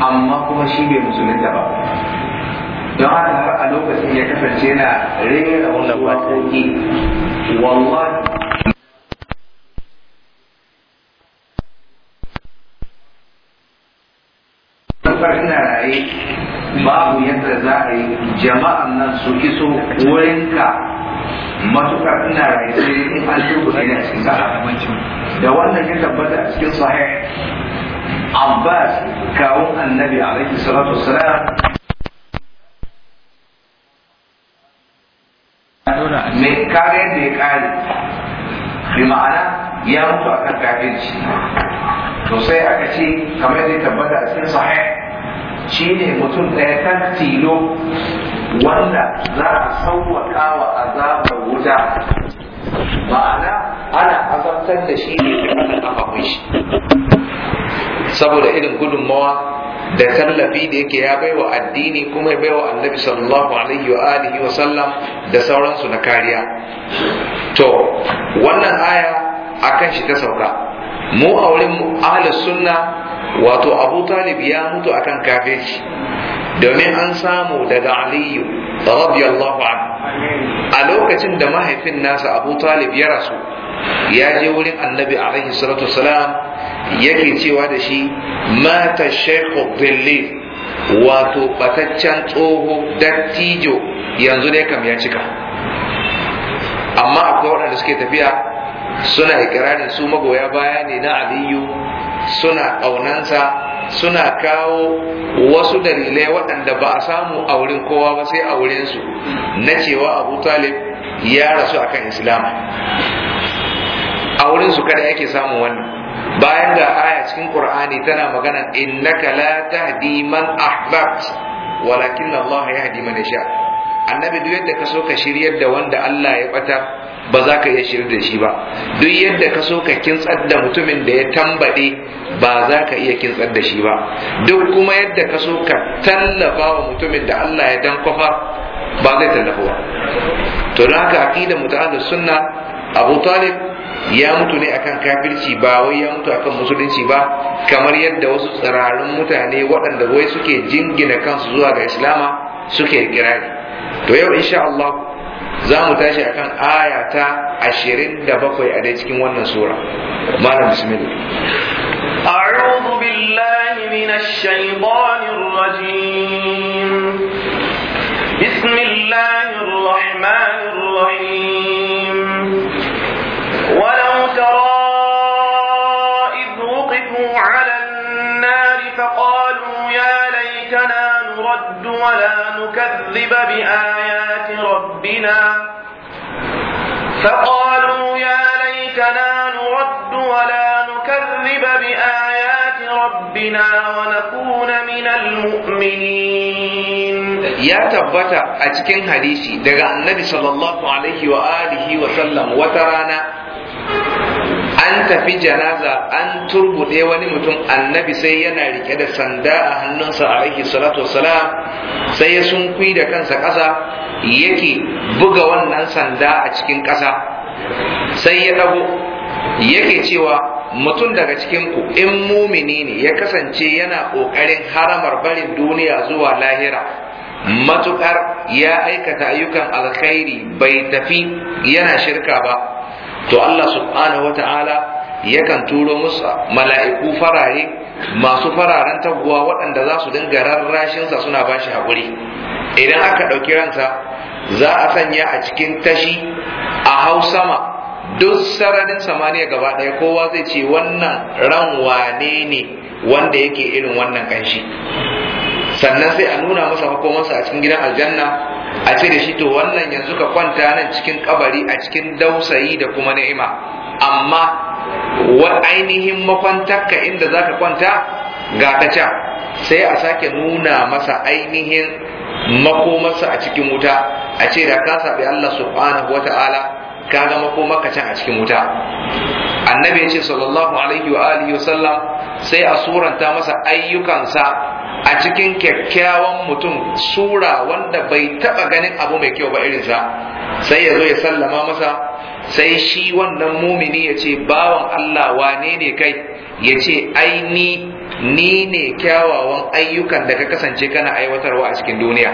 amma kuma shi bai musulunta ba don haka a lokacin ya kasance na rera wanda ba wallahi farko ina raye babu yadda za a yi jama'an nan su iso ka matuƙar ina raye sai in an turbuɗe ne a cikin da wannan ya tabbata a cikin sahih abbas kawun annabi alaihi salatu wassalam me kaga yadda ya kare bi ma'ana ya mutu akan kafirci to sai aka ce kamar da tabbata a cikin sahih shine mutum ɗaya kan tilo wanda za a sauwaka wa azabar wuta ma'ana ana azabtar da shi ne ana kafa shi saboda irin gudunmawa da tallafi da yake ya baiwa addini kuma ya baiwa annabi sallallahu alaihi wa alihi wa sallam da sauransu na kariya to wannan aya akan shi ta sauka mu a wurin ahlus sunna wato abu talib ya mutu akan kafirci domin an samu daga aliyu radiyallahu anhu a lokacin da mahaifin nasa abu talib ya rasu ya je wurin annabi alaihi salatu salam yake cewa da shi mata shaikhu billi wato bataccen tsoho dattijo yanzu ne kam ya cika amma akwai waɗanda suke tafiya suna ikirarin su magoya baya ne na aliyu suna ƙaunansa suna kawo wasu dalilai waɗanda ba a samu a wurin kowa ba sai a wurinsu na cewa abu talib ya rasu akan islam a wurin su kada ake samun wannan bayan ga aya cikin qur'ani tana magana innaka la tahdi man ahbabt walakin Allah yahdi man yasha annabi duk yadda ka so ka shiryar da wanda Allah ya bata ba za ka iya shiryar da shi ba duk yadda ka so ka kintsar da mutumin da ya tambade ba za ka iya kintsar da shi ba duk kuma yadda ka so ka tallafa wa mutumin da Allah ya kofa ba zai tallafa ba to da haka aqidar mutahalis sunna Abu Talib ya mutu ne akan kafirci ba wai ya mutu akan musulunci ba kamar yadda wasu tsirarun mutane waɗanda wai suke jingina kansu zuwa ga islama suke kirari to yau insha Allah za mu tashi akan aya ta 27 a dai cikin wannan sura malam bismillah a'udhu billahi minash shaitanir rajim bismillahir rahmanir rahim ولا نكذب بآيات ربنا فقالوا يا ليتنا نرد ولا نكذب بآيات ربنا ونكون من المؤمنين يا تبتا أتكين حديثي دقاء النبي صلى الله عليه وآله وسلم وترانا an tafi janaza an turbude wani mutum annabi sai yana rike da sanda a hannunsa a aiki salatu wassalam sai ya sunkui da kansa ƙasa yake buga wannan sanda a cikin ƙasa sai ya dago yake cewa mutum daga cikinku in mumini ne ya kasance yana ƙoƙarin haramar barin duniya zuwa lahira matuƙar ya aikata ayyukan alkhairi bai tafi yana shirka ba to Allah subhanahu ta'ala yakan turo musu mala'iku farare masu fararen taguwa waɗanda za su dinga rarrashinsa suna ba shi haƙuri idan aka ɗauki ranta, za a sanya a cikin tashi a hau sama duk sararin samaniya gaba ɗaya kowa zai ce wannan ran wane ne wanda yake irin wannan ƙanshi sannan sai a nuna masa makomansa a cikin gidan aljanna a ce da shi to wannan yanzu ka kwanta nan cikin kabari a cikin dausayi da kuma ni'ima amma wa ainihin makwantarka inda za ka kwanta ga ta can sai a sake nuna masa ainihin makomarsa a cikin wuta a ce da ka saɓi Allah subhanahu wa ta'ala ka ga makomarka can a cikin wuta annabi ya ce sallallahu alaihi wa alihi wa sallam sai a suranta masa ayyukansa a cikin kyakkyawan mutum sura wanda bai taba ganin abu mai kyau ba irinsa sai ya zo ya sallama masa sai shi wannan mumini ya ce bawan Allah wane ne kai ya ce ai ni ni ne kyawawan ayyukan da ka kasance kana aiwatarwa a cikin duniya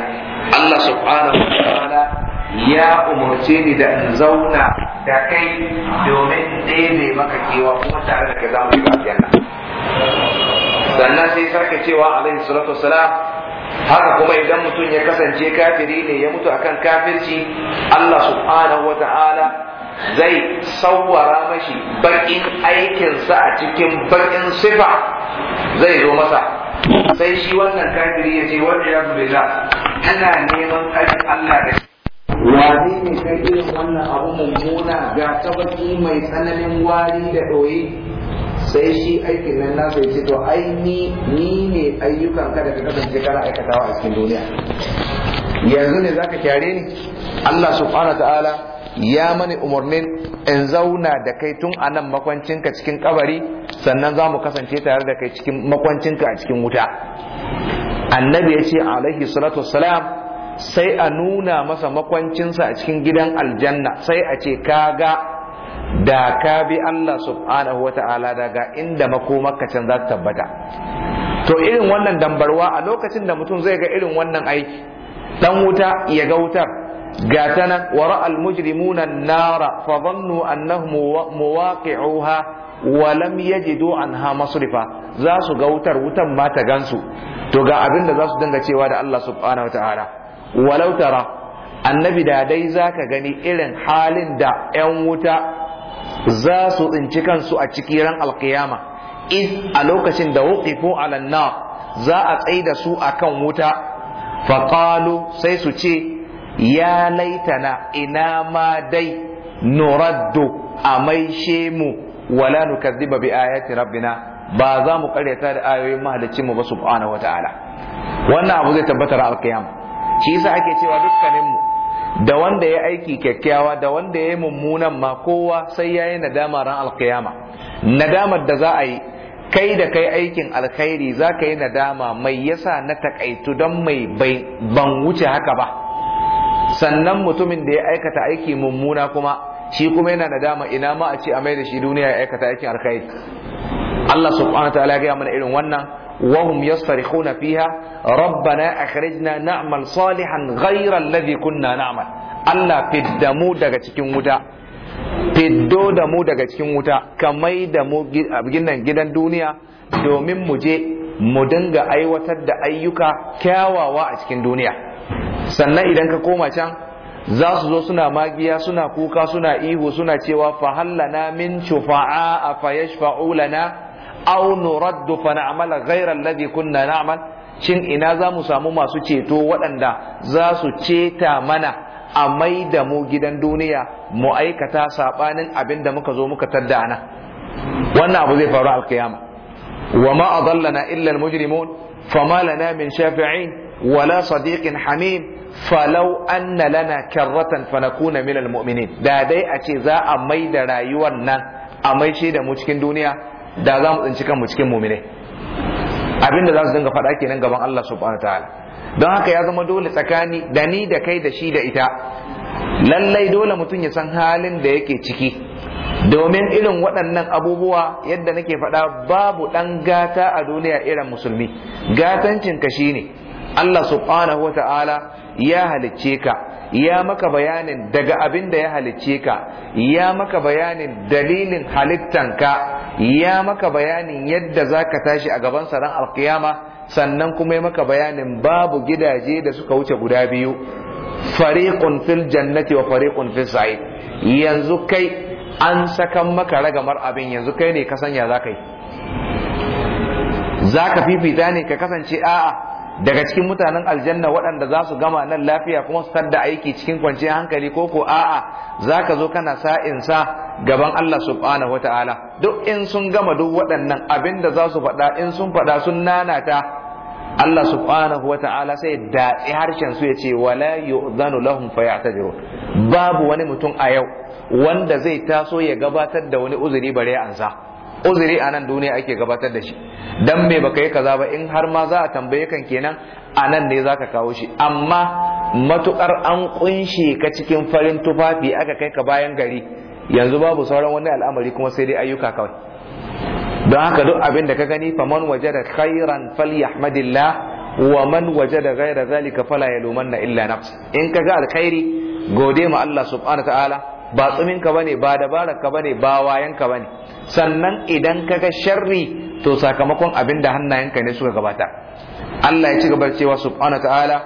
Allah subhanahu wa ta'ala ya umarce ni da in zauna da kai domin ɗebe maka kewa kuma tare da ka zamu yi sannan sai sake cewa alaihi salatu wasalam haka kuma idan mutum ya kasance kafiri ne ya mutu akan kafirci Allah subhanahu wata'ala zai sauwara mashi bakin aikinsa a cikin bakin sifa zai zo masa sai shi wannan kafiri ya ce wanda ya za ana neman aikin Allah da shi Wani ne kai irin wannan abu mummuna ga tabaki mai tsananin wari da ɗoyi sai shi aikin nan na zai ce to ai ni ne ayyukan ka da ka kasance kana aikatawa a cikin duniya yanzu ne zaka kyare ni Allah subhanahu ta'ala ya mani umarnin in zauna da kai tun a nan makwancinka cikin kabari sannan za mu kasance tare da kai cikin makwancinka a cikin wuta annabi ya ce alaihi salatu wassalam sai a nuna masa makwancinsa a cikin gidan aljanna sai a ce kaga da ka bi Allah subhanahu wa ta'ala daga inda makomarka can za ta tabbata to irin wannan dambarwa a lokacin da mutum zai ga irin wannan aiki dan wuta ya ga wutar ga tana wa ra'al mujrimuna nara fa dhannu annahum muwaqi'uha wa lam yajidu anha masrifa za su ga wutar wutan ma ta gansu to ga abinda da za su dinga cewa da Allah subhanahu wa ta'ala walau tara annabi da dai zaka gani irin halin da 'yan wuta za su tsinci kansu a ciki ran alkiyama iz a lokacin da wuqifu a nar za a da su a kan wuta Faƙalu sai su ce ya laitana ina ma dai nuraddu a maishe mu wala nukazziba bi ayati rabbina ba za mu karyata da ayoyin mahalicci mu ba subhanahu wataala wannan abu zai tabbatar alkiyama shi yasa ake cewa dukkaninmu. da wanda ya aiki kyakkyawa da wanda ya yi mummunan ma kowa sai ya yi nadama ran alkiyama nadamar da za a yi kai da kai aikin alkhairi za ka yi nadama mai yasa na takaitu don mai ban wuce haka ba sannan mutumin da ya aikata aiki mummuna kuma shi kuma yana nadama ina ma a ce a mai da shi duniya ya aikata aikin alkhairi Allah subhanahu wa ta'ala ya gaya mana irin wannan وهم يصرخون فيها ربنا أخرجنا نعمل صالحا غير الذي كنا نعمل Allah fidda mu daga cikin wuta fiddo da mu daga cikin wuta ka da mu gidan gidan duniya domin mu je mu dinga aiwatar da ayyuka kyawawa a cikin duniya sannan idan ka koma can za su zo suna magiya suna kuka suna ihu suna cewa fahallana min shufa'a fa yashfa'u lana aw nuraddu fa na'mala ghayra alladhi kunna na'mal shin ina za mu samu masu ceto waɗanda za su ceta mana a mai da mu gidan duniya mu aikata sabanin abin da muka zo muka tadda wannan abu zai faru alkiyama wa ma adallana illa almujrimun fama lana min shafi'in wala sadiqin hamim falau anna lana karratan fanakuna min almu'minin da dai a ce za a mai da rayuwar nan a mai da mu cikin duniya da za mu tsinci kanmu cikin mumine abinda za su dinga faɗa kenan gaban Allah subhanahu ta'ala don haka ya zama dole tsakani da ni da kai da shi da ita lallai dole mutum ya san halin da yake ciki domin irin waɗannan abubuwa yadda nake faɗa babu ɗan gata a duniya irin musulmi gatancin ka shine Allah subhanahu ta'ala ya halicce ka ya maka bayanin daga abin da ya halicce ka ya maka bayanin dalilin halittanka ya maka bayanin yadda za ka tashi a gaban saran alkiyama sannan kuma ya maka bayanin babu gidaje da suka wuce guda biyu fariqun fil jannati wa fariqun fil sa'id yanzu kai an sakan maka ragamar abin yanzu kai ne ka sanya za ka yi za ka fifita ne ka kasance a'a daga cikin mutanen aljanna waɗanda za su gama nan lafiya kuma su da aiki cikin kwanciyar hankali ko ko a'a za ka zo kana sa in sa gaban Allah subhanahu wa ta'ala duk in sun gama duk waɗannan abin da za su faɗa in sun faɗa sun nanata Allah subhanahu wa ta'ala sai daɗi harshen su ya ce wala yu'zanu lahum fayatajiru babu wani mutum a yau wanda zai taso ya gabatar da wani uzuri bare ansa uzuri a nan duniya ake gabatar da shi dan me baka yi kaza ba in har ma za a tambaye kan kenan a nan ne za ka kawo shi amma matukar an kunshe ka cikin farin tufafi aka kai ka bayan gari yanzu babu sauran wani al'amari kuma sai dai ayyuka kawai don haka duk abin da ka gani faman wajada khairan falyahmadillah wa man waje da gaira zalika fala na illa nafs in ka ga alkhairi gode ma Allah subhanahu wa ta'ala ba tsumin ka bane ba dabarar bane ba wayan ka bane sannan idan ka ga sharri to sakamakon abin da hannayenka ne suka gabata Allah ya ci gaba cewa subhanahu ta'ala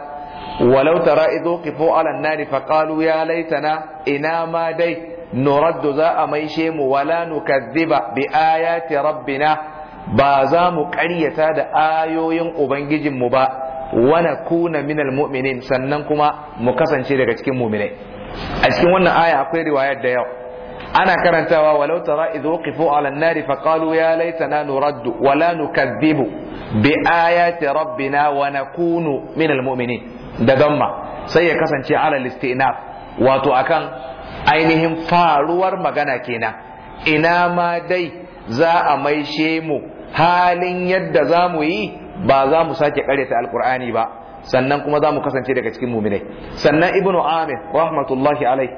walau tara idu qifu ala an-nari qalu ya laitana ina ma dai nuraddu za a maishe mu wala nukadhiba bi ayati rabbina ba za mu ƙaryata da ayoyin ubangijin mu ba wana kuna minal mu'minin sannan kuma mu kasance daga cikin mu'minai a cikin wannan aya akwai riwayar da yau ana karantawa walau tara idh waqifu ala an-nari fa qalu ya laitana nuraddu wa la nukadhibu bi ayati rabbina wa nakunu min al-mu'minin da gamma sai ya kasance ala al-istinaf wato akan ainihin faruwar magana kenan ina ma dai za a maishe mu halin yadda za mu yi ba za mu sake karyata alkur'ani ba sannan kuma za mu kasance daga cikin muminai sannan ibnu amir rahmatullahi alai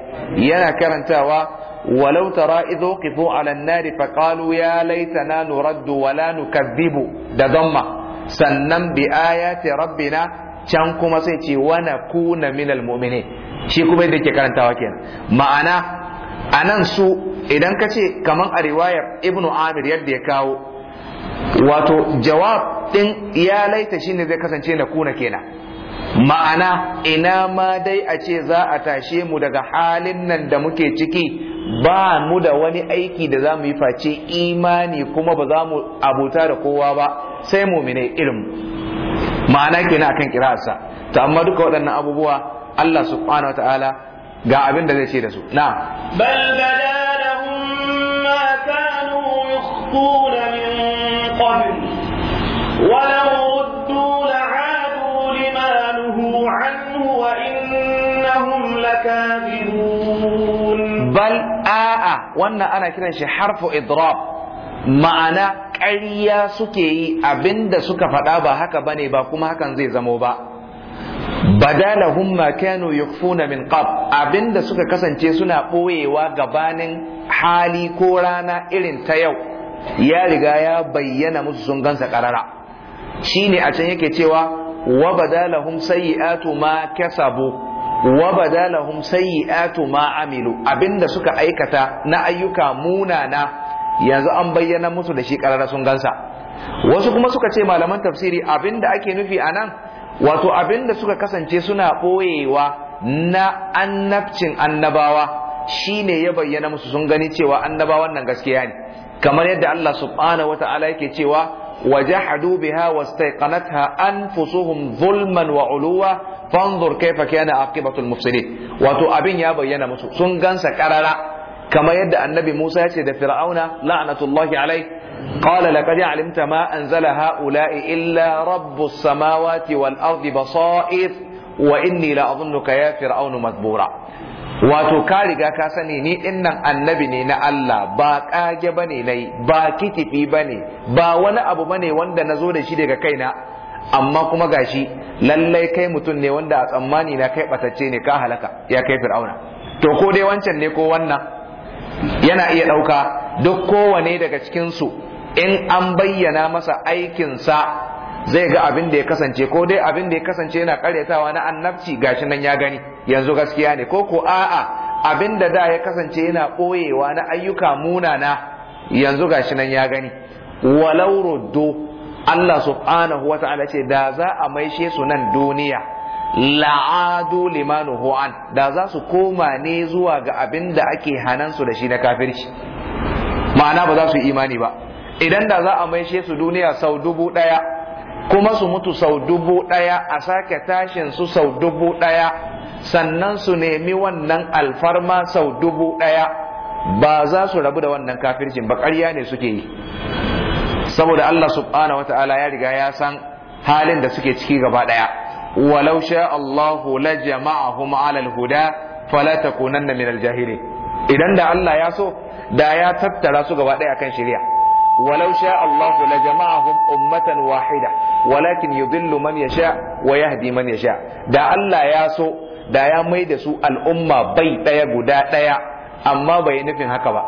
yana karantawa ولو ترى إذ وقفوا على النار فقالوا يا ليتنا نرد ولا نكذب ده ضمة سنن بآيات ربنا can kuma sai ce wana kuna minal mu'mini shi kuma yadda ke karantawa kenan ma'ana anan su idan ka ce kaman a riwayar ibnu amir yadda ya kawo wato jawab din ya laita ne zai kasance na kuna kenan ma'ana ina ma dai a ce za a tashe mu daga halin nan da muke ciki ba mu da wani aiki da za mu yi face imani kuma ba za mu abuta da kowa ba sai mu mine irin ma'ana kenan akan kirasa ta amma duka waɗannan abubuwa Allah subhanahu wa ta'ala ga abin da zai ce da su na bal da ma kanu yukhuna min قبل ولو ردوا لعادوا لما نهوا عنه وإنهم لكاذبون بل آآ وانا أنا كده شي حرف إضراب ma'ana ƙarya suke yi abinda suka faɗa ba haka bane ba kuma hakan zai zamo ba badala ma kanu yukhfuna min qab abinda suka kasance suna ɓoyewa gabanin hali ko rana irin ta yau ya riga ya bayyana musu sun gansa karara ne a can yake cewa wa badalahum sayyi'atu ma kasabu wa badalahum sayyi'atu ma amilu abinda suka aikata na ayyuka munana yanzu an bayyana musu da shi karara sun gansa wasu kuma suka ce malaman tafsiri abinda ake nufi anan wato abinda suka kasance suna ɓoyewa na annabcin annabawa shi ne ya bayyana musu sun gani cewa annaba wannan gaskiya ne kamar yadda Allah subhanahu wa ta'ala yake cewa biha بها واستيقنتها انفسهم ظلما وعلوا فانظر كيف كان عاقبه المفسدين wato abin ya bayyana musu sun gansa karara kamar yadda annabi Musa ya ce da Fir'auna la'natullahi alai qala laqad alimta ma anzala haula'i illa rabbus samawati wal ardi basair wa inni la adhunnuka ya fir'aunu madbura wato ka riga ka sani ni din annabi ne na Allah ba kage bane nai ba kitifi bane ba wani abu bane wanda nazo da shi daga kaina amma kuma gashi lallai kai mutum ne wanda a tsammani na kai batacce ne ka halaka ya kai fir'auna to ko dai wancan ne ko wannan yana iya ɗauka duk kowane daga cikin su in an bayyana masa aikinsa zai ga abin da ya kasance ko dai abin da ya kasance yana karyatawa na annabci gashi nan ya gani yanzu gaskiya ne ko ko a'a abin da da ya kasance yana ɓoyewa na ayyuka munana yanzu gashi nan ya gani walau ruddu Allah subhanahu wa ta'ala ce da za a maishe su nan duniya la'adu limanu da za su koma ne zuwa ga abin da ake hanansu da shi na kafirci ma'ana ba za su yi imani ba idan da za a maishe su duniya sau dubu ɗaya kuma su mutu sau dubu ɗaya a sake tashin su sau dubu ɗaya sannan su nemi wannan alfarma sau dubu ɗaya ba za su rabu da wannan kafircin ba ƙarya ne suke yi saboda Allah subhanahu wata'ala ya riga ya san halin da suke ciki gaba ɗaya walau sha Allahu la jama'ahum 'alal huda fala takunanna minal jahili idan da Allah ya so da ya tattara su gaba ɗaya kan shari'a ولو شاء الله لجمعهم أمة واحدة ولكن يضل من يشاء ويهدي من يشاء دا الله ياسو دا يا ميد سوء الأمة بيت يا قدا يا أما في هكذا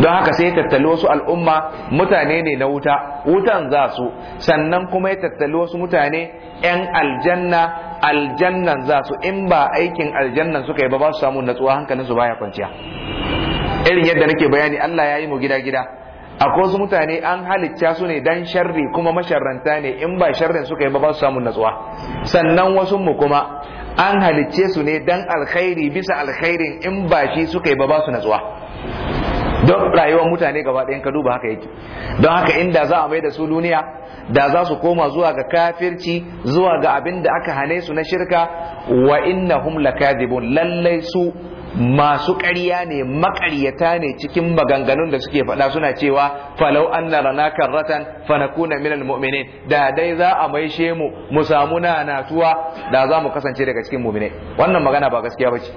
don haka sai ya tattali wasu al'umma mutane ne na wuta wutan za su sannan kuma ya tattali wasu mutane 'yan aljanna aljannan za su in ba aikin aljannan suka yi ba ba su samu natsuwa hankalin su baya kwanciya irin yadda nake bayani Allah ya yi mu gida gida akwai wasu mutane an halicca su ne dan sharri kuma masharranta ne in ba sharrin suka yi ba ba samun natsuwa sannan wasu mu kuma an halicce su ne dan alkhairi bisa alkhairin in ba shi suka yi ba ba su natsuwa don rayuwar mutane gaba ɗayan ka duba haka yake don haka inda za a mai da su duniya da za su koma zuwa ga kafirci zuwa ga abin da aka hane su na shirka wa innahum lakadibun lallai su masu ƙarya ne maƙaryata ne cikin maganganun da suke faɗa suna cewa falau na rana karratan fa kuna minal mu'minin da dai za a maishe mu mu samu na natuwa da za mu kasance daga cikin mu'minai wannan magana ba gaskiya ba ce.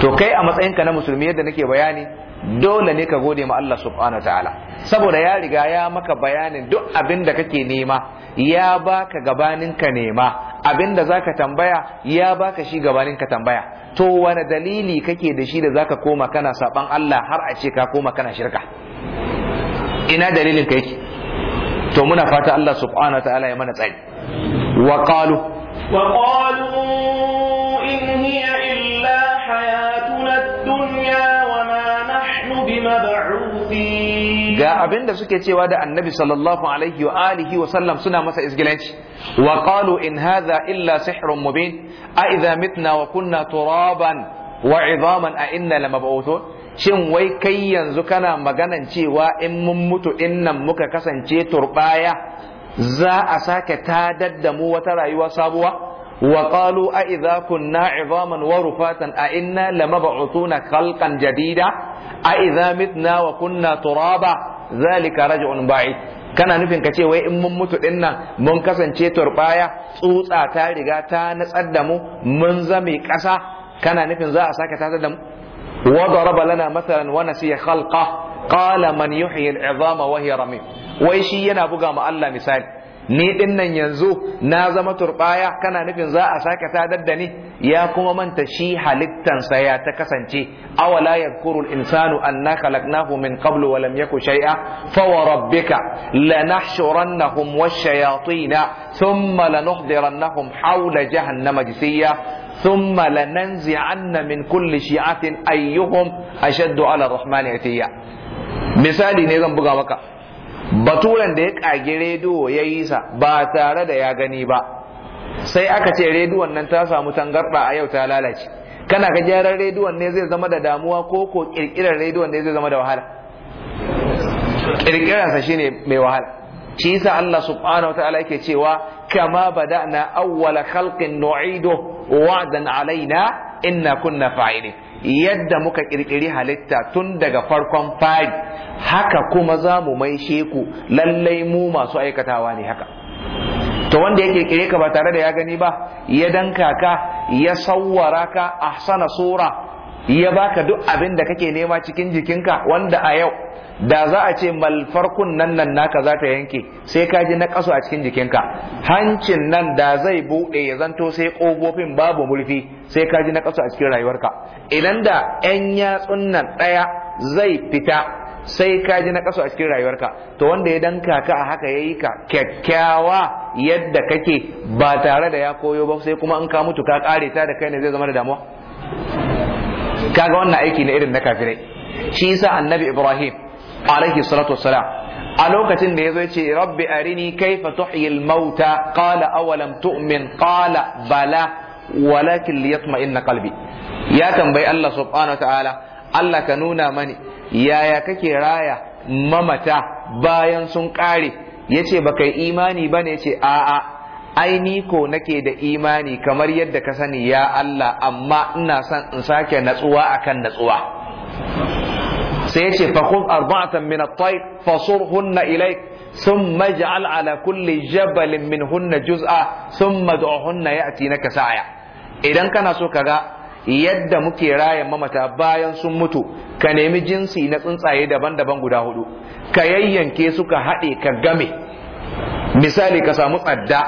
to kai a matsayinka na musulmi yadda nake bayani dole ne ka gode ma Allah subhanahu wa ta'ala saboda ya riga ya maka bayanin duk abin da kake nema ya baka gabanin ka nema abin da zaka tambaya ya baka shi gabanin ka tambaya to wani dalili kake da shi da zaka koma kana saban Allah har a ce ka koma kana shirka ina dalilin ka yake to muna fata Allah subhanahu wa ta'ala ya mana tsari wa qalu wa qalu in hiya ga abin da suke cewa da annabi sallallahu alaihi wa alihi wa sallam suna masa izgilanci wa qalu in hadha illa sihrun mubin a idza mitna wa kunna turaban wa idhaman a inna lamab'uthun shin wai kai yanzu kana maganan cewa in mun mutu innan muka kasance turbaya za a sake tadaddamu wata rayuwa sabuwa waƙalu qalu a idza kunna izaman wa rufatan a inna lamab'utuna halkan jarida? a idza mitna wa kunna turaba zalika raj'un kana nufin ka ce wai in mun mutu dinnan mun kasance turbaya tsutsa ta riga ta natsar da mu mun zame kasa kana nufin za a sake tasar da mu wa daraba lana masalan wa nasiya khalqa qala man yuhyi al'izama wa hiya ramim wai shi yana buga ma Allah misali ni din nan yanzu na zama turbaya kana nufin za a sake sadar da ni ya kuma manta shi halittansa ya ta kasance awala yadhkuru al-insanu anna khalaqnahu min qablu wa lam yaku shay'a fa wa rabbika lanahshurannahum wash-shayatin thumma lanuhdirannahum hawla jahannama jisiya thumma lananzi'anna min kulli shi'atin ayyuhum ashaddu ala ar-rahmani atiya misali ne zan buga maka baturen da ya kage rediyo ya yi sa ba tare da ya gani ba sai aka ce rediyon nan ta samu tangarɗa a yau ta lalace kana ga gyaran rediyon ne zai zama da damuwa ko ko kirkirar rediyon ne zai zama da wahala sa shine mai wahala shi yasa Allah subhanahu wa yake cewa kama bada'na awwala khalqin nu'idu wa'dan alaina inna kunna fa'ilin yadda muka kirkiri halitta tun daga farkon fari haka kuma za mu mai sheku lallai mu masu aikatawa ne haka to wanda ya kirkire ka ba tare da ya gani ba ya danka ka ya sawwara ka ahsana sura ya baka duk abin da kake nema cikin jikinka wanda a yau da za a ce malfarkun nan nan naka za ta yanke sai ka ji na kaso a cikin jikinka hancin nan da zai buɗe ya zanto sai ƙofofin babu mulfi sai ka ji na kaso a cikin rayuwarka idan da 'yan yatsun nan ɗaya zai fita sai ka ji na kaso a cikin rayuwarka to wanda ya danka ka a haka yayi ka kyakkyawa yadda kake ba tare da ya koyo ba sai kuma in ka mutu ka kare ta da kai ne zai zama da damuwa kaga wannan aiki na irin na kafirai shi yasa annabi ibrahim alaihi salatu wassalam a lokacin da yazo yace rabbi arini kaifa tuhyil mauta qala awalam tu'min qala bala walakin liyatma'inna qalbi ya tambayi Allah subhanahu ta'ala Allah ka nuna mani yaya kake raya mamata bayan sun kare yace baka imani bane yace a'a ai ko nake da imani kamar yadda ka sani ya Allah amma ina son in sake natsuwa akan natsuwa sai yace fa khudh arba'atan min at-tayr fasurhunna ilayk thumma ij'al ala kulli jabalin minhunna juz'a thumma du'hunna ya'tinaka sa'ya idan kana so kaga yadda muke rayan mamata bayan sun mutu ka nemi jinsi na tsuntsaye daban-daban guda hudu ka yayyanke su ka haɗe ka game misali ka samu tsadda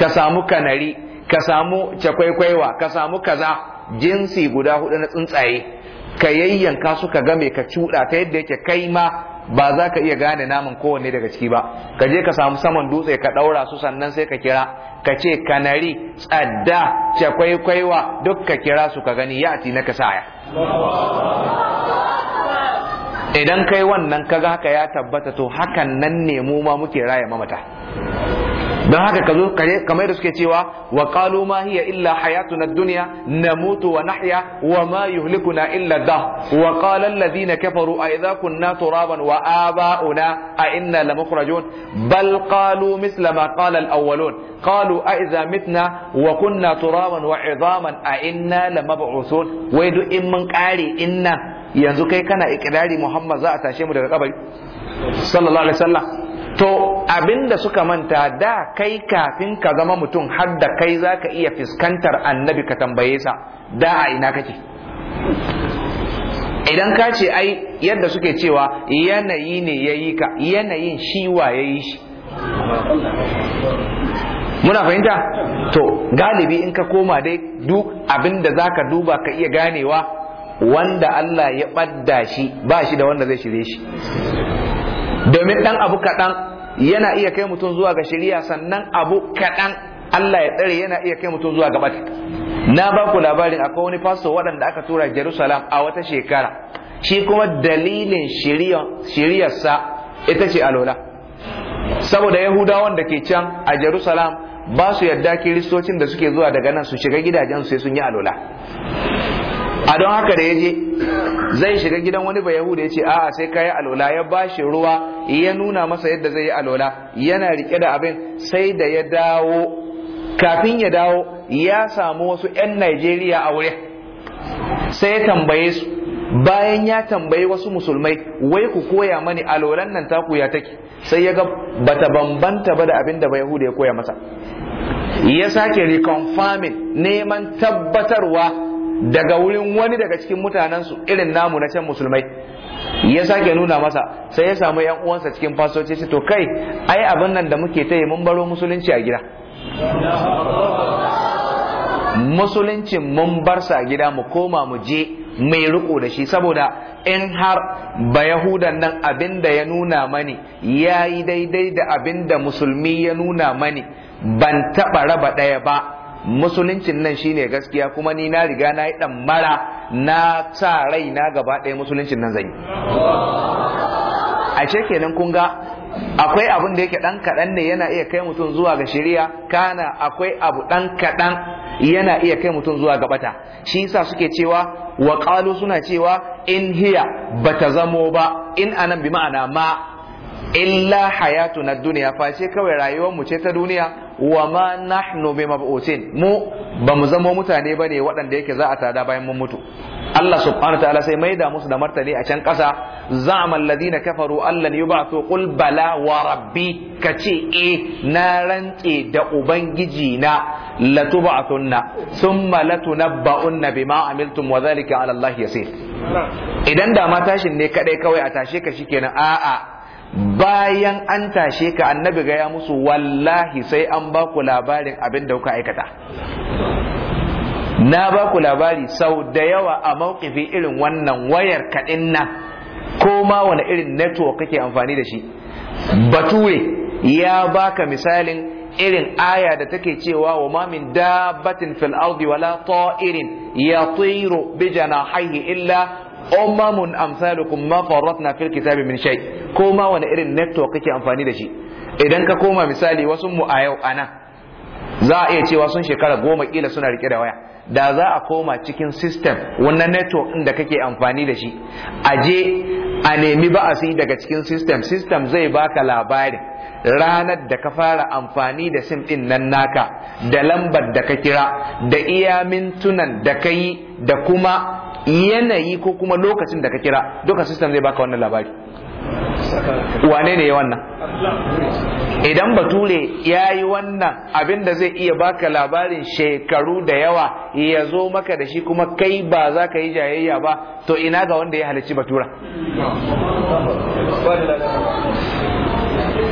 ka samu kanari ka samu cakwaikwaiwa ka samu kaza jinsi guda hudu na tsuntsaye ka yayyanka su ka game ka cuɗa ta yadda yake kai ma ba za ka iya gane naman kowanne daga ciki ba ka je ka samu saman dutse ka ɗaura su sannan sai ka kira ka ce kanari tsada, ce kwaikwaiwa duk ka kira su ka gani ya na ka saya idan kai wannan kaga haka ya tabbata to hakan nan ne mu ma muke raya mamata don haka ka zo kamar da suke cewa wa qalu ma hiya illa hayatuna dunya namutu wa nahya wa ma yuhlikuna illa da wa qala alladhina kafaru a idza kunna turaban wa aba'una a inna lamukhrajun bal qalu misla ma qala al qalu a idza mitna wa kunna turaban wa 'idhaman a inna lamab'usun wai duk in mun kare inna yanzu kai kana ikirari Muhammad za a tashe mu daga kabari sallallahu alaihi wasallam to abinda suka manta da kai kafin ka zama mutum har da kai za ka iya fiskantar annabi ka tambaye sa da a ina kake idan ka ce ai yadda suke cewa yanayi ne ya yi ka yanayin shi wa ya yi shi muna fahimta to galibi in ka koma dai duk abinda za ka duba ka iya ganewa wanda Allah ya ɓadda shi ba shi da wanda zai shirye shi domin ɗan abu kaɗan yana iya kai mutum zuwa ga shari'a sannan abu kaɗan Allah ya tsare yana iya kai mutum zuwa ga bata na ba ku labarin akwai wani fasto waɗanda aka tura Jerusalem a wata shekara shi kuma dalilin shiriyarsa ita ce alola saboda yahudawan da ke can a Jerusalem ba su yarda kiristocin da suke zuwa daga nan su shiga gidajen sai sun yi alola a don haka da ya je zai shiga gidan wani ba yahuda ya ce a'a sai ka yi alola ya ba shi ruwa ya nuna masa yadda zai yi alola yana rike da abin sai da ya dawo kafin ya dawo ya samu wasu 'yan Najeriya a wuri sai ya tambaye su bayan ya tambayi wasu musulmai wai ku koya mani alolan nan taku ya take sai ya ga bata bambanta ba da abin da Yahuda ya koya masa ya sake reconfirming neman tabbatarwa daga wurin wani daga cikin mutanensu irin namu na can musulmai ya sake nuna masa sai ya samu yan uwansa cikin fasoci shi to kai ai abin nan da muke ta mun baro musulunci a gida musulunci mun bar sa gida mu koma mu je mai riko da shi saboda in har ba yahudan nan abin da ya nuna mani ya yi daidai da abin da musulmi ya nuna mani ban taɓa raba ɗaya ba musuluncin nan shine gaskiya kuma ni na riga na yi dan mara na sa rai na gaba ɗaya musuluncin nan zanyi yi ashe kenan kun ga akwai abin da yake dan kaɗan ne yana iya kai mutum zuwa ga shari'a kana akwai abu dan kaɗan yana iya kai mutum zuwa ga bata shi yasa suke cewa wa qalu suna cewa in hiya bata zamo ba in anan bi ma'ana ma illa hayatu na duniya face kawai rayuwar mu ce ta duniya wa ma nahnu bi mab'utin mu ba mu zamo mutane bane waɗanda yake za a tada bayan mun mutu Allah subhanahu ta'ala sai maida musu da martani a can ƙasa za'ama alladhina kafaru allan yub'athu qul bala wa rabbi kace e eh, na rantse da ubangiji na latub'athunna thumma latunabba'unna bima amiltum wa dhalika 'ala Allah yasir idan da ma tashin ne kadai kawai a tashe ka shikenan a'a bayan an tashe ka annabi gaya musu wallahi sai an ba ku labarin abin da kuka aikata na ba ku labari sau da yawa a mawkifi irin wannan wayar kaɗin na. ko ma wani irin network kake amfani da shi bature ya baka misalin irin aya da take cewa wa ma min dabbatin fil ardi wala ta'irin yatiru bi janahihi illa ummamun amsalukum ma faratna fil kitabi min shay ko ma wani irin network kake amfani da shi idan ka koma misali wasu mu a yau ana za a iya cewa sun shekara goma kila suna rike da waya da za a koma cikin system wannan network din da kake amfani da shi a je a nemi ba'asi daga cikin system system zai baka labarin ranar da ka fara amfani da sim din nan naka da lambar da ka kira da iya mintunan da ka da kuma yanayi ko kuma lokacin da ka kira duka system zai baka wannan labari wane ne ya wannan idan bature ya yi wannan abin da zai iya baka labarin shekaru da yawa ya zo maka da shi kuma kai ba za ka yi jayayya ba to ina ga wanda ya halarci batura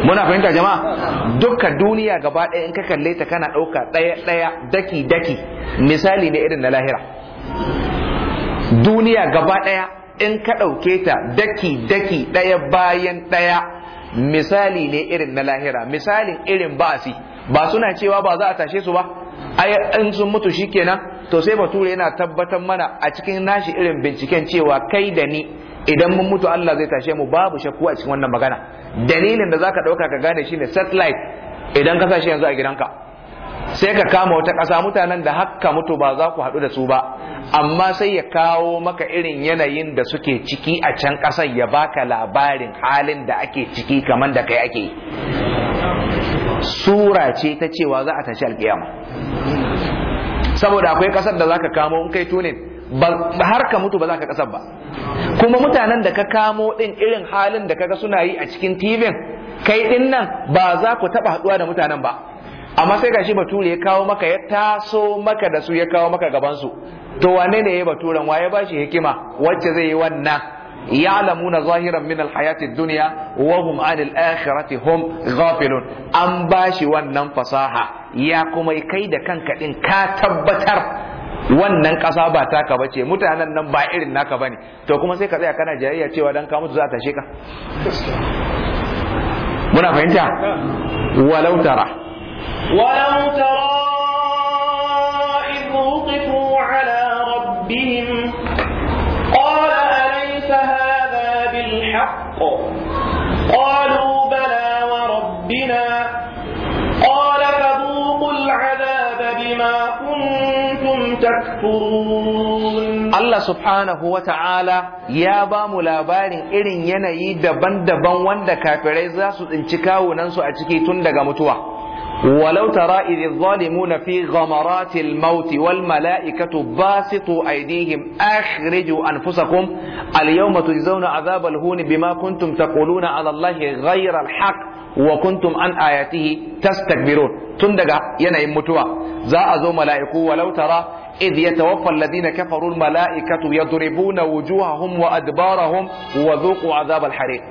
muna fahimta jama'a duka duniya gaba ɗaya in ka kalle ta kana ɗauka ɗaya ɗaya daki daki misali ne irin na lahira duniya gaba ɗaya in ka ɗauke ta daki daki ɗaya bayan ɗaya misali ne irin na lahira misalin irin ba'asi ba suna cewa ba za a tashe su ba in sun mutu shikenan to sai bature yana tabbatar mana a cikin nashi irin binciken cewa kai da ni idan mun mutu Allah zai tashe mu babu shakku a cikin wannan magana dalilin da zaka ɗauka ka gane shine satellite idan ka sa shi yanzu a gidanka sai ka kama wata ƙasa mutanen da hakka mutu ba za ku haɗu da su ba amma sai ya kawo maka irin yanayin da suke ciki a can ƙasar ya baka labarin halin da ake ciki kamar da kai ake sura ce ta cewa za a tashi alƙiyama saboda akwai ƙasar da za ka kamo in kai tunin har ka mutu ba za ka kasar ba kuma mutanen da ka kamo ɗin irin halin da kaga suna yi a cikin tv kai din nan ba za ku taba haɗuwa da mutanen ba amma sai gashi bature ya kawo maka ya taso maka da su ya kawo maka gaban su to wane ne ya baturen wa ya bashi hikima wacce zai yi wannan ya'lamuna zahiran min alhayati dunya wa hum anil akhirati hum ghafilun an ba shi wannan fasaha ya kuma kai da kanka din ka tabbatar wannan ƙasa ba taka ba ce mutanen nan ba irin naka bane. to kuma sai ka tsaya kana jayayya cewa dan ka mutu za ta tashe ka muna fahimta walau tara ولو ترى إذ وقفوا على ربهم قال أليس هذا بالحق قالوا بلى وربنا قال فذوقوا العذاب بما كنتم تكفرون الله سبحانه وتعالى يا بام labarin irin yanayi daban-daban wanda kafirai za su tsinci kawunansu a ciki tun daga mutuwa. ولو ترى إذ الظالمون في غمرات الموت والملائكة باسطوا أيديهم أخرجوا أنفسكم اليوم تجزون عذاب الهون بما كنتم تقولون على الله غير الحق وكنتم عن آياته تستكبرون تندق ينعم متوى زاء ذو ملائكو ولو ترى إذ يتوفى الذين كفروا الملائكة يضربون وجوههم وأدبارهم وذوقوا عذاب الحريق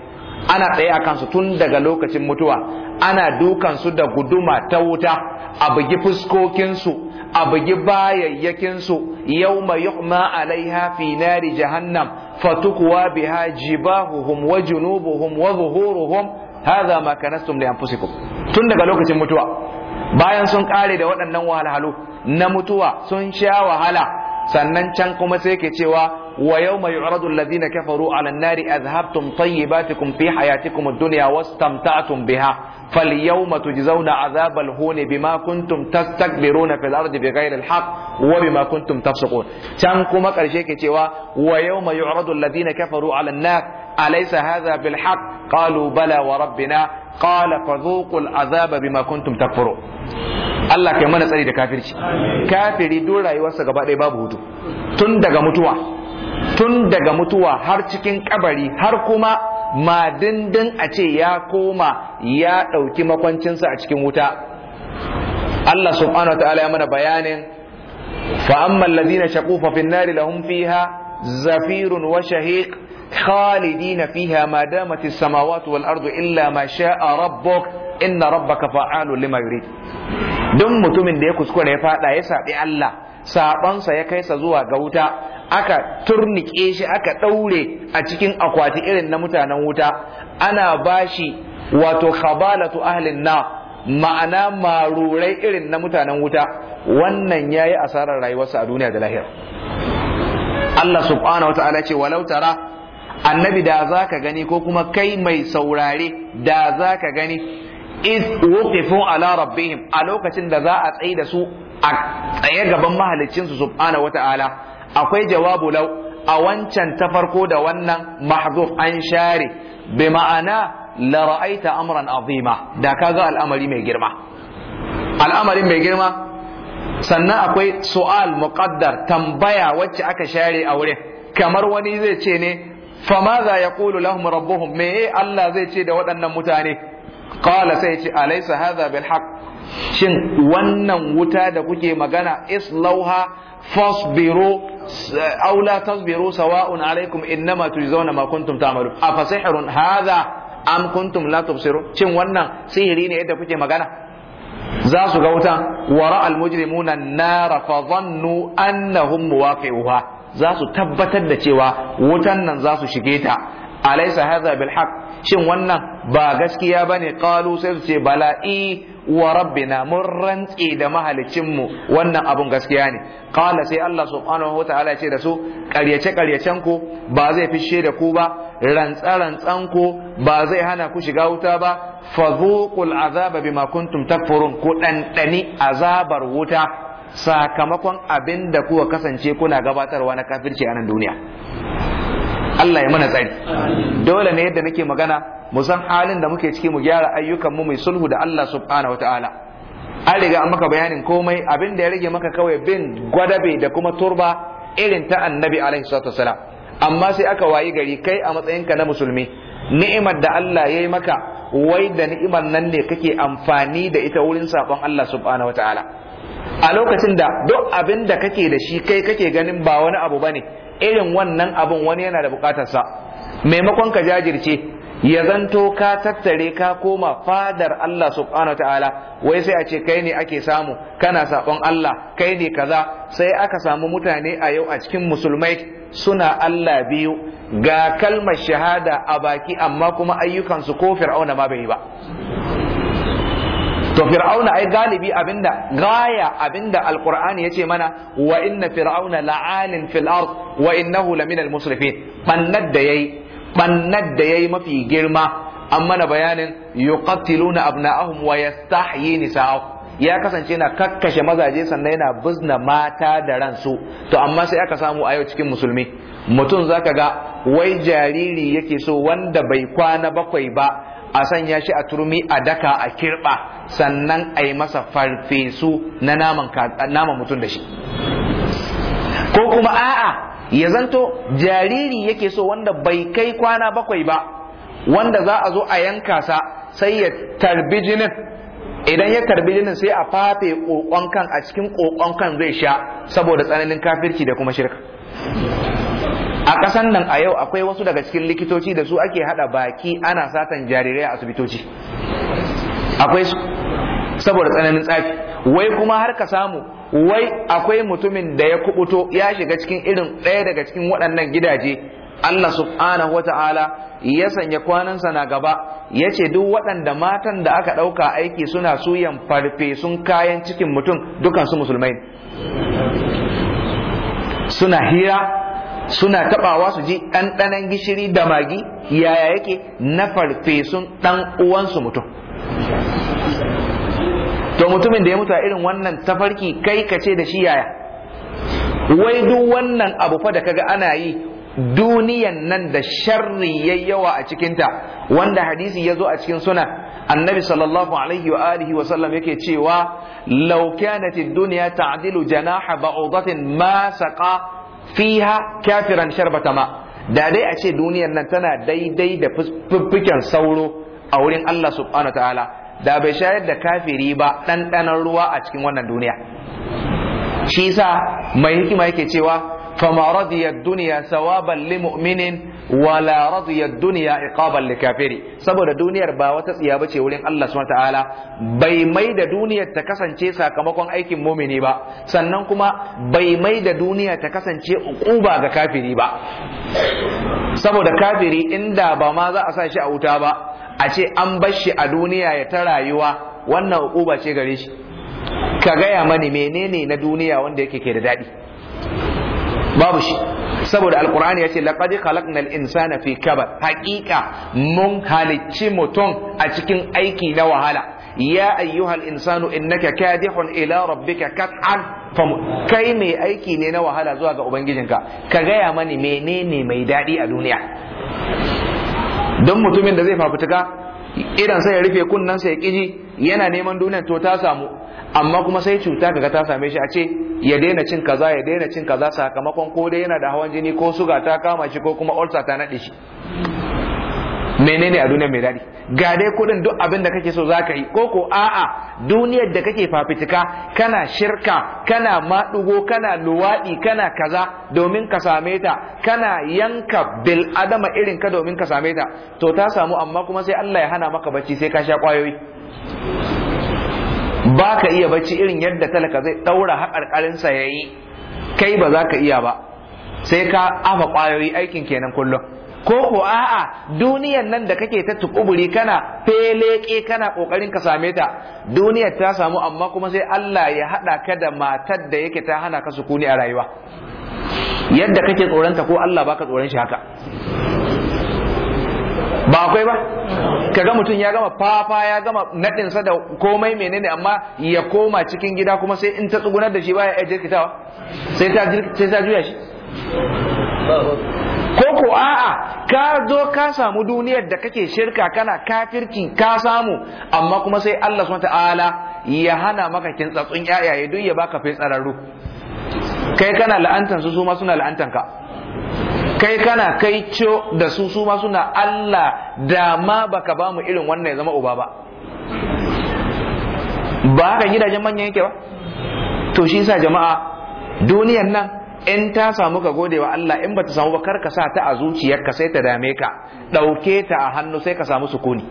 ana tsaye a kansu tun daga lokacin mutuwa ana dukansu da guduma ta wuta a bugi fuskokinsu a bugi bayayyakinsu yau mai yuhma alaiha fi nari jahannam fatukuwa biha jibahuhum wa junubuhum wa zuhuruhum hadha ma kanastum li anfusikum tun daga lokacin mutuwa bayan sun kare da waɗannan wahalhalu na mutuwa sun sha wahala sannan can kuma sai ke cewa wa yawma yu'radu alladhina kafaru 'ala an-nari adhhabtum tayyibatikum fi hayatikum ad-dunya wastamta'tum biha falyawma tujzauna 'adhab al-huni bima kuntum tastakbiruna fil ardi bighayri al-haqq wa bima kuntum tafsiqun can kuma ƙarshe ke cewa wa yawma yu'radu alladhina kafaru 'ala an-nar alaysa hadha bil haqq bala wa rabbi na. Ƙala al-'adhaba bima kuntum takfurun Allah kai mana tsari da kafirci kafiri duk rayuwarsa gaba ɗaya babu hutu tun daga mutuwa tun daga mutuwa har cikin kabari har kuma madindin a ce ya koma ya ɗauki makwancinsa a cikin wuta Allah subhanahu wa ta'ala ya mana bayanin fa amma alladhina shaqu fin nari lahum fiha zafirun wa shahiq khalidina fiha ma damat as-samawati wal ardu illa ma sha'a rabbuk inna rabbaka fa'alun lima yurid duk mutumin da ya kuskure ya fada ya sabi Allah sabonsa ya kai sa zuwa ga wuta aka turnike shi aka daure a cikin akwati irin na mutanen wuta ana bashi wato khabalatu ahlin na ma'ana marurai irin na mutanen wuta wannan yayi asarar rayuwarsa a duniya da lahira Allah subhanahu wataala ce walau tara annabi da zaka gani ko kuma kai mai saurare da zaka gani iz wuqifu ala rabbihim a lokacin da za a tsaye da su a tsaye gaban mahalicinsu subhanahu wata'ala akwai jawabu lau a wancan ta farko da wannan mahzuf an share bi ma'ana la ra'aita amran azima da kaga al'amari mai girma Al'amari mai girma sannan akwai su'al muqaddar tambaya wacce aka share a wurin kamar wani zai ce ne ya yaqulu lahum rabbuhum me Allah zai ce da waɗannan mutane qala sai ce alaysa hadha bil haqq shin wannan wuta da kuke magana islauha fasbiru aw la tasbiru sawa'un alaikum innama tujzauna ma kuntum ta'malu afasihrun hadha am kuntum la tubsiru shin wannan sihiri ne yadda kuke magana za su ga wuta wara mujrimuna nara fa dhannu annahum muwaqi'uha za su tabbatar da cewa wutan nan za su shige ta alaysa hadha bil haqq shin wannan ba gaskiya bane qalu sai su ce bala'i wa rabbina mun rantse da mahalicinmu wannan abun gaskiya ne qala sai Allah subhanahu wataala ya ce da su ƙaryace ƙaryacen ku ba zai fishe da ku ba rantsa rantsan ku ba zai hana ku shiga wuta ba fadhuqul azaba bima kuntum takfurun ku ɗanɗani azabar wuta sakamakon abin da kuka kasance kuna gabatarwa na kafirci a nan duniya Allah ya mana tsari dole ne yadda nake magana mu san halin da muke ciki mu gyara ayyukan mu mai sulhu da Allah subhanahu wataala an riga an maka bayanin komai abin da ya rage maka kawai bin gwadabe da kuma turba irin ta annabi alaihi salatu wasalam amma sai aka wayi gari kai a matsayinka na musulmi ni'imar da Allah ya yi maka wai da ni'imar nan ne kake amfani da ita wurin sabon Allah subhanahu wataala a lokacin da duk abin da kake da shi kai kake ganin ba wani abu bane irin wannan abun wani yana da bukatarsa maimakon ka jajirce ya zanto ka tattare ka koma fadar Allah subhanahu wa ta'ala wai sai a ce kai ne ake samu kana sabon Allah kai ne kaza sai aka samu mutane a yau a cikin musulmai suna Allah biyu ga kalmar shahada a baki amma kuma ayyukansu ko fir'auna ma bai yi ba to fir'auna ai galibi abinda gaya abinda alqur'ani yace mana wa inna fir'auna la'alin fil ard wa innahu laminal musrifin bannar da yayi bannar da ya yi mafi girma an mana bayanin yuqatiluna abna'ahum wa yastahyi nisa'ahum ya kasance na kakkashe mazaje sannan yana buzna mata da ransu to amma sai aka samu a yau cikin musulmi mutum zaka ga wai jariri yake so wanda bai kwana bakwai ba a sanya shi a turmi a daka a kirba sannan a yi masa farfesu na naman mutum da shi ko kuma a'a ya zanto jariri yake so wanda bai kai kwana bakwai ba wanda za a zo a yanka sa sai ya tarbi jinin idan ya tarbi jinin sai a fafe kokon kan a cikin kokon kan zai sha saboda tsananin kafirci da kuma shirka a ƙasan nan a yau akwai wasu daga cikin likitoci da su ake hada baki ana satan jarirai a asibitoci akwai saboda tsananin tsafi wai kuma har ka samu wai akwai mutumin da ya kubuto ya shiga cikin irin ɗaya daga cikin waɗannan gidaje Allah subhanahu wa ta'ala ya sanya kwanansa na gaba ya ce duk waɗanda matan da aka ɗauka aiki suna suyan farfesun kayan cikin mutum dukansu musulmai suna hira suna taɓawa su ji ɗanɗanan gishiri da magi yaya yake na farfesun ɗan uwansu mutum to mutumin da ya mutu a irin wannan tafarki kai ka ce da shi yaya wai duk wannan abu fa da kaga ana yi duniyan nan da sharri yayyawa yawa a cikinta wanda hadisi ya zo a cikin suna annabi sallallahu alaihi wa alihi wa sallam yake cewa law kanat ad-dunya ta'dilu janaha ba'udatin ma saqa fiha kafiran sharbata ma da dai a ce duniyar nan tana daidai da fiffiken sauro a wurin Allah subhanahu wa ta'ala da bai shayar da kafiri ba ɗanɗanon ruwa a cikin wannan duniya shi yasa mai hikima yake cewa fama radiya duniya sawaban li mu'minin wala radiya duniya iqaban li kafiri saboda duniyar ba wata tsiya ce wurin Allah subhanahu ta'ala bai mai da duniyar ta kasance sakamakon aikin mumini ba sannan kuma bai mai da duniya ta kasance ukuba ga kafiri ba saboda kafiri inda ba ma za a sa shi a wuta ba a ce an bar shi a duniya ya ta rayuwa wannan hukuba ce gare shi ka gaya mani menene na duniya wanda yake ke da daɗi babu shi saboda alkur'ani ya ce laqad khalaqnal insana fi kabar haqiqa mun halicci mutum a cikin aiki na wahala ya ayyuhal insanu innaka kadihun ila rabbika kat'an kai mai aiki ne na wahala zuwa ga ubangijinka ka gaya mani menene mai daɗi a duniya don mutumin da zai fafutuka idan sai ya rufe kunnensa sai ya kiji yana neman duniyar to ta samu amma kuma sai cuta kaga ta same shi a ce ya daina cin kaza ya daina cin kaza sakamakon ko dai yana da hawan jini ko suga ta kama shi ko kuma ulcer ta nade shi menene a duniya mai daɗi ga dai kuɗin duk abin da kake so za ka yi ko ko a'a duniyar da kake fafitika kana shirka kana maɗugo kana luwaɗi kana kaza domin ka same ta kana yanka bil adama irin ka domin ka same ta to ta samu amma kuma sai Allah ya hana maka bacci sai ka sha kwayoyi ba ka iya bacci irin yadda talaka zai ɗaura haƙarƙarinsa ya yi kai ba za ka iya ba sai ka afa kwayoyi aikin kenan kullum ko ko a'a duniyar nan da kake ta tukuburi kana feleke kana kokarin ka same ta duniyar ta samu amma kuma sai Allah ya hada ka da matar da yake ta hana ka sukuni a rayuwa yadda kake ta ko Allah baka tsoron shi haka ba akwai ba Ka ga mutum ya gama fafa ya gama nadinsa da komai menene amma ya koma cikin gida kuma sai in ta tsugunar da shi baya ya jirkitawa sai ta juya shi ko a'a ka zo ka samu duniyar da kake shirka kana kafirci ka samu amma kuma sai Allah subhanahu ta'ala ya hana maka kin tsatsun yayaye duk ya baka tsararru kai kana la'antan su su ma suna la'antan ka kai kana kai co da su su ma suna Allah da ma baka ba mu irin wannan ya zama uba ba ba haka gidajen manyan yake ba to shi sa jama'a duniyar nan in ta samu ka gode wa Allah in bata samu ba kar ka sa ta a zuciyarka sai ta dame ka ɗauke ta a hannu sai ka samu sukuni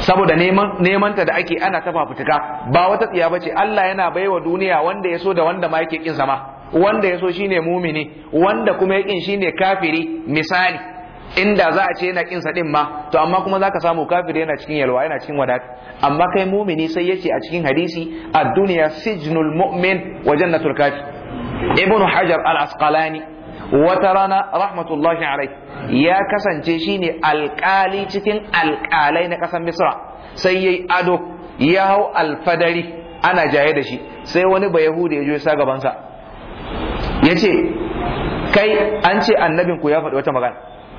saboda neman ta da ake ana ta fafutuka ba wata tsiya bace Allah yana baiwa duniya wanda ya so da wanda ma yake kin sama wanda ya so shine mumini wanda kuma ya kin shine kafiri misali inda za a ce yana kin sa din ma to amma kuma zaka samu kafiri yana cikin yalwa yana cikin wadat amma kai mumini sai yace a cikin hadisi ad-dunya sijnul mu'min wa jannatul kafir ibnu hajar al-asqalani wata rana rahmatullahi alai ya kasance shine alkali cikin alkalai na ƙasar misra sai yayi ado ya hau alfadari ana jaye da shi sai wani ba ya je sa gabansa ya ce kai an ce annabinku ya faɗi wata magana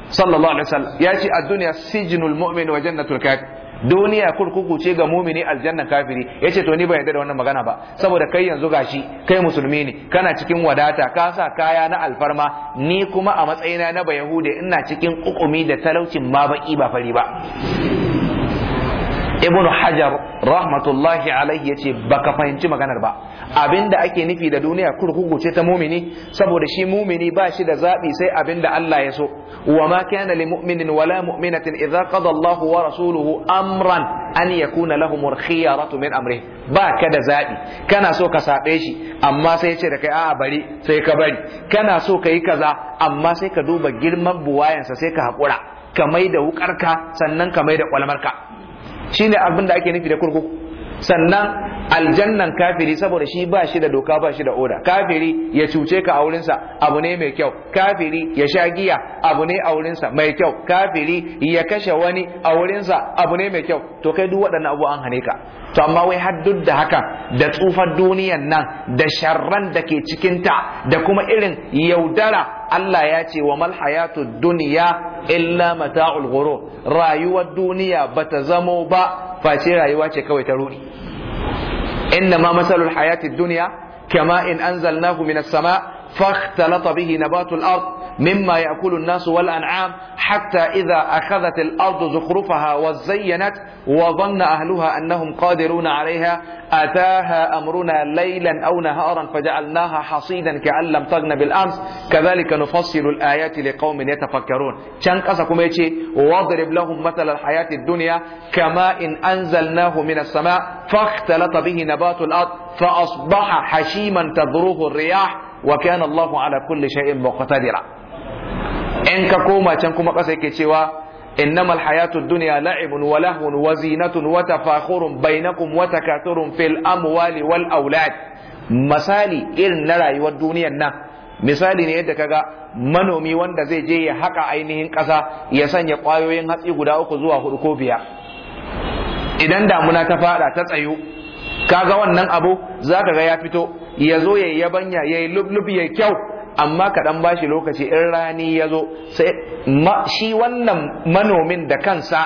sallallahu alaihi wasallam ya ce a duniya sijinul mu'min wa jannatul kafir duniya kurkuku ce ga mumini aljanna kafiri yace to ni ba yarda da wannan magana ba saboda kai yanzu gashi kai musulmi ne kana cikin wadata ka sa kaya na alfarma ni kuma a matsayina na ba yahude ina cikin kukumi da talaucin ma baki ba fari ba ibnu hajar rahmatullahi alaihi yace baka fahimci maganar ba Abin da ake nufi da duniya kurkuku ce ta mumini saboda shi mumini ba shi da zaɓi. sai abin da Allah ya so wa ma kana lil mu'minin wala mu'minatin idza qada Allahu wa rasuluhu amran an yakuna lahum khiyaratu min amri ba ka da zabi kana so ka sabe shi amma sai ya ce da kai a'a bari sai ka bari kana so ka yi kaza amma sai ka duba girman buwayansa sai ka hakura ka mai da wukarka sannan ka mai da kwalmarka shine abin da ake nufi da kurkuku sannan aljannan kafiri saboda shi ba shi da doka ba shi da oda kafiri ya cuce ka a wurinsa abu ne mai kyau kafiri ya sha giya abu ne a wurinsa mai kyau kafiri ya kashe wani a wurinsa abu ne mai kyau to kai duk waɗannan abu an hane ka to amma wai har duk da haka da tsufar duniyan nan da sharran da ke cikinta da kuma irin yaudara Allah ya ce wa mal hayatu duniya illa mata'ul ghurur rayuwar duniya bata zamo ba face rayuwa ce kawai ta rudi inna ma masalul hayati dunya kama in anzalnahu minas sama' فاختلط به نبات الأرض مما يأكل الناس والأنعام حتى إذا أخذت الأرض زخرفها وزينت وظن أهلها أنهم قادرون عليها أتاها أمرنا ليلا أو نهارا فجعلناها حصيدا كأن لم تغن بالأمس كذلك نفصل الآيات لقوم يتفكرون كان قصكم واضرب لهم مثل الحياة الدنيا كماء إن أنزلناه من السماء فاختلط به نبات الأرض فأصبح حشيما تذروه الرياح وكان الله على كل شيء مقتدرا in ka koma can kuma ƙasa yake cewa innamal hayatud dunya la'ibun wa lahun wa zinatun wa tafakhurun bainakum wa takathurun fil amwali wal aulad misali irin na rayuwar duniyar nan misali ne yadda kaga manomi wanda zai je ya haka ainihin ƙasa ya sanya ƙwayoyin hatsi guda uku zuwa hudu ko biya. idan damuna ta fada ta tsayo kaga wannan abu zaka ga ya fito ya zo yayi yabanya yayi lublub yayi kyau amma ka dan bashi lokaci in rani ya zo sai shi wannan manomin da kansa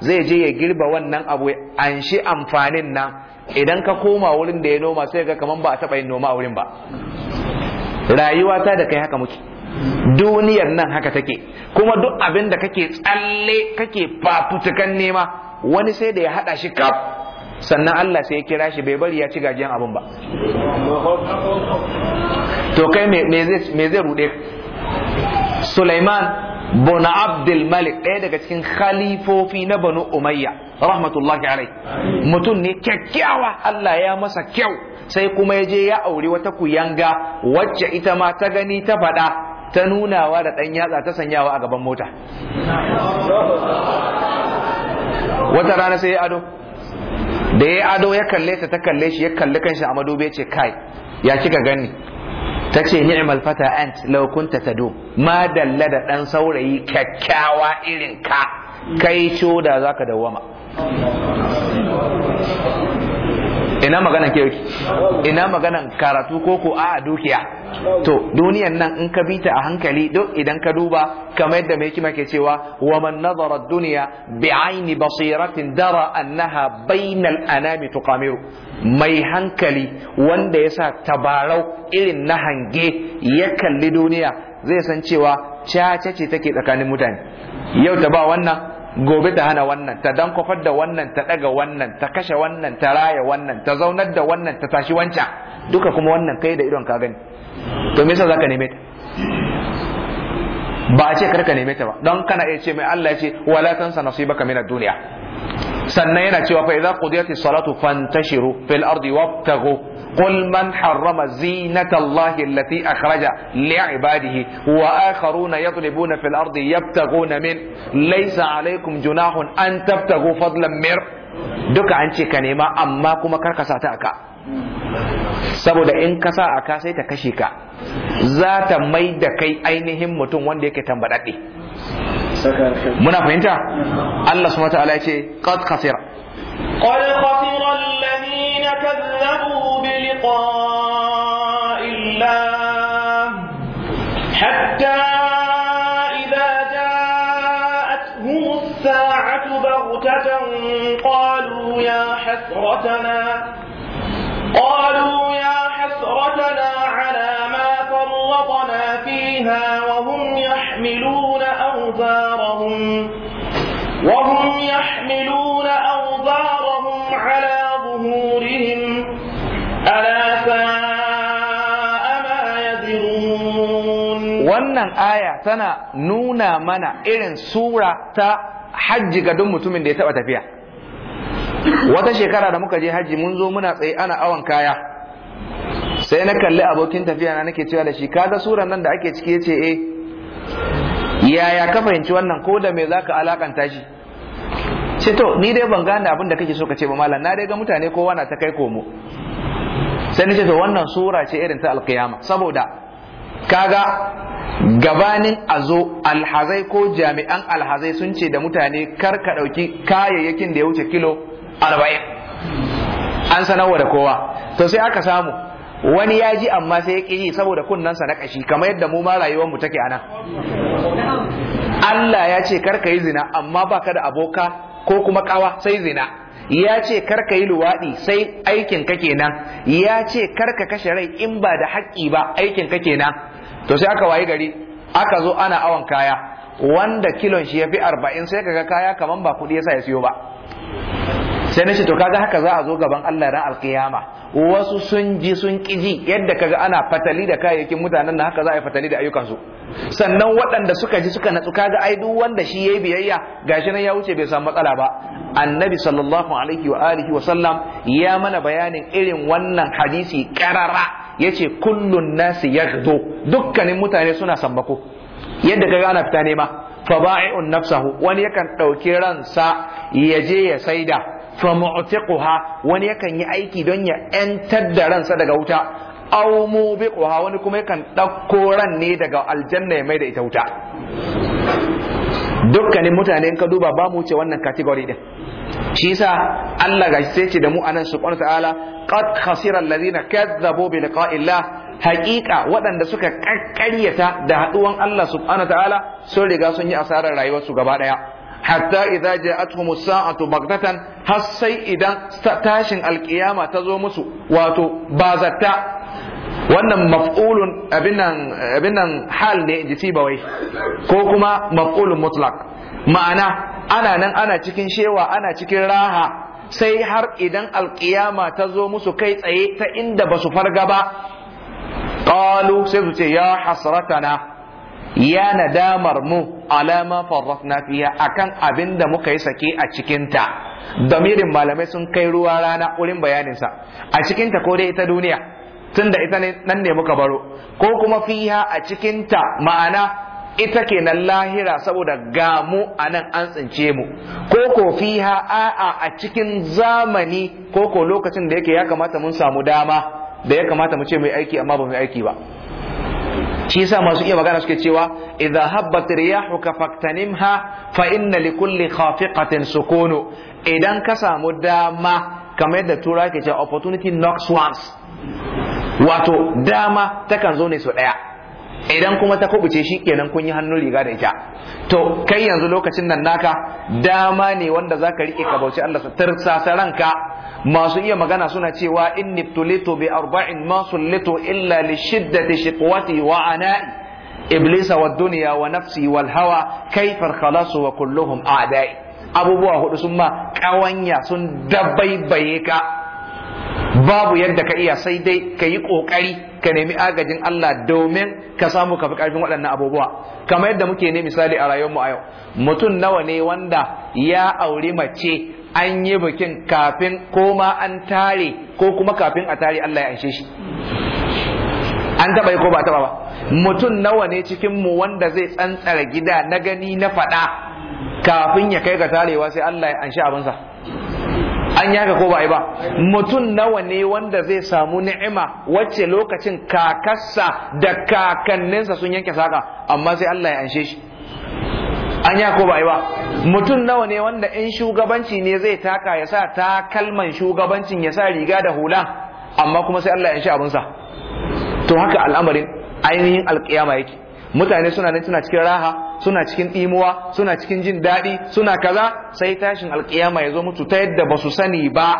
zai je ya girba wannan abu an shi amfanin nan idan ka koma wurin da ya noma sai ga kaman ba a taɓa yin noma a wurin ba rayuwa ta da kai haka muke duniyar nan haka take kuma duk abin da kake tsalle kake fafutukan nema wani sai da ya haɗa shi kaf sannan Allah sai ya kira shi bai bari ya ci gajiyan abin ba to kai me zai rude Sulaiman bin Abdul Malik ɗaya daga cikin khalifofi na Banu Umayya rahmatullahi alai mutum ne kyakkyawa Allah ya masa kyau sai kuma ya je ya auri wata kuyanga wacce ita ma ta gani ta faɗa ta nunawa da ɗan yatsa ta sanyawa a gaban mota wata rana sai ya ado da ya ado ya kalle ta ta kalle shi ya kalli kanshi a madubi ce kai ya kika gani ta ce ni'mal fata ant law kunta tadu ma dalla da dan saurayi kyakkyawa irin ka kai coda da zaka dawwama ina maganan ke ina magana karatu ko ko a dukiya to duniyan nan in ka bita a hankali duk idan ka duba kamar yadda mai kima ke cewa wa man nazara dunya bi aini basiratin dara annaha bainal anami tuqamiru mai hankali wanda yasa tabarau irin na hange ya kalli duniya zai san cewa caca ce take tsakanin mutane yau ta ba wannan gobe ta hana wannan ta dan kofar da wannan ta daga wannan ta kashe wannan ta raya wannan ta zaunar da wannan ta tashi wancan duka kuma wannan kai da idon ka gani to me yasa zaka neme ta ba a ce kar ka neme ta ba don kana iya ce mai Allah ya ce wala tansa nasibaka minad dunya sannan yana cewa fa idza qudiyati salatu fantashiru fil ardi wabtaghu قل من حرم زينة الله التي أخرج لعباده وآخرون يطلبون في الأرض يبتغون من ليس عليكم جناح أن تبتغوا فضلا من duka an ce ka nema amma kuma kar ka sata aka saboda in ka sa aka sai ta kashe ka zata ta mai da kai ainihin mutum wanda yake tambadadde muna fahimta Allah subhanahu ta'ala ya ce كذبوا بلقاء الله حتى إذا جاءتهم الساعة بغتة قالوا يا حسرتنا قالوا يا حسرتنا على ما فرطنا فيها وهم يحملون أوزارهم وهم يحملون أوزارهم على wannan aya tana nuna mana irin sura ta hajji ga duk mutumin da ya taba tafiya wata shekara da muka je hajji mun zo muna tsaye ana awon kaya sai na kalli abokin tafiya na nake cewa da shi kaga suran nan da ake ciki yace eh yaya ka fahimci wannan ko da me zaka alakanta shi ce to ni dai ban gane abin da kake so ka ce ba malam na dai ga mutane kowa na ta kai komo sai ce to wannan sura ce irin ta alkiyama saboda kaga gabanin a zo alhazai ko jami'an alhazai sun ce da mutane kar ka ɗauki kayayyakin da ya wuce kilo arba'in an sanarwa da kowa to sai aka samu wani ya ji amma sai ya ƙi saboda sa na ƙashi kamar yadda mu ma rayuwarmu take a nan Allah ya ce kar ka yi zina amma baka da aboka ko kuma kawa sai zina ya ce kar ka yi luwaɗi sai aikin ka kenan ya ce kar ka kashe rai in ba da haƙƙi ba aikin ka kenan to sai aka wayi gari aka zo ana awon kaya wanda kilon shi ya fi arba'in sai kaga kaya kaman ba kuɗi yasa ya siyo ba sai na ce to kaga haka za a zo gaban Allah ran alkiyama wasu sun ji sun kiji yadda kaga ana fatali da kayayyakin mutanen nan haka za a yi fatali da ayyukansu sannan waɗanda suka ji suka natsu kaga ai duk wanda shi yayi biyayya gashi nan ya wuce bai samu matsala ba annabi sallallahu alaihi wa alihi wa sallam ya mana bayanin irin wannan hadisi karara yace kullum nasi yaghdu dukkanin mutane suna sambako yadda ka ana fita nema fa fabai'un nafsahu wani yakan dauki ransa ya je ya saida fa mu'tiquha wani yakan yi aiki don ya yantar da ransa daga wuta aw mubiquha wani kuma yakan ɗauko ran ne daga aljanna ya mai da ita wuta dukkanin mutane in ka duba ba mu wuce wannan category din shi yasa Allah ga sai ce da mu anan subhanahu ta'ala qad khasira alladhina kadzabu bi liqa'illah haqiqa waɗanda suka kakkaryata da haduwan Allah subhanahu ta'ala sun riga sun yi asarar rayuwar su gaba daya hatta idza ja'atuhum as-sa'atu baghtatan har sai idan tashin alkiyama ta zo musu wato bazatta wannan maf'ulun abin nan hal ne jisi ba'wai, ko kuma maf'ulun mutlaq ma'ana ana nan ana cikin shewa ana cikin raha sai har idan alƙiyama ta zo musu kai tsaye ta inda ba su farga ba qalu sai su ce ya hasratana ya nadamar mu alama farrafna fiya akan abin da muka yi sake a cikinta damirin malamai sun kai ruwa rana wurin bayaninsa a cikinta ko dai ita duniya tunda ita nan ne muka baro ko kuma fiha a cikinta ma'ana ita kenan lahira saboda gamu mu nan an tsince mu ko ko fiha a'a a cikin zamani ko ko lokacin da yake ya kamata mun samu dama da ya kamata mu ce mai aiki amma ba mu aiki ba shi yasa masu iya magana suke cewa idza habbat ka faktanimha fa inna kulli khafiqatin sukunu idan ka samu dama kamar yadda tura ke cewa opportunity knocks once wato dama takan zo ne su daya idan kuma ta kubuce shi kenan kun yi hannu riga da ita to kai yanzu lokacin nan naka dama ne wanda zaka rike ka bauci Allah tarsasa ranka masu iya magana suna cewa inni tulitu bi arba'in ma sullitu illa li shiddati shiqwati wa ana'i iblisa wa dunya wa nafsi wal hawa kayfa khalasu wa kulluhum a'da'i abubuwa hudu sun ma kawanya sun dabaibaye ka babu yadda ka iya sai dai ka yi ƙoƙari ka nemi agajin Allah domin ka samu ka fi ƙarfin waɗannan abubuwa kamar yadda muke ne misali a rayuwarmu a yau mutum nawa ne wanda ya auri mace an yi bikin kafin ko ma an tare ko kuma kafin a tare Allah ya anshe shi an taɓa yi ko ba taɓa ba mutum nawa ne cikin mu wanda zai tsantsara gida na gani na faɗa kafin ya kai ga tarewa sai Allah ya anshi abinsa an yaka ko ba ba mutum nawa ne wanda zai samu ni'ima wacce lokacin kakarsa da kakanninsa sun yanke saka amma sai Allah ya anshe shi an yaka ko ba ba mutum nawa ne wanda in shugabanci ne zai taka ya sa takalman shugabancin ya sa riga da hula amma kuma sai Allah ya anshe abinsa to haka al'amarin ainihin alkiyama yake mutane suna nan suna cikin raha suna cikin ɗimuwa suna cikin jin daɗi suna kaza sai tashin alƙiyama ya zo mutu ta yadda ba su sani ba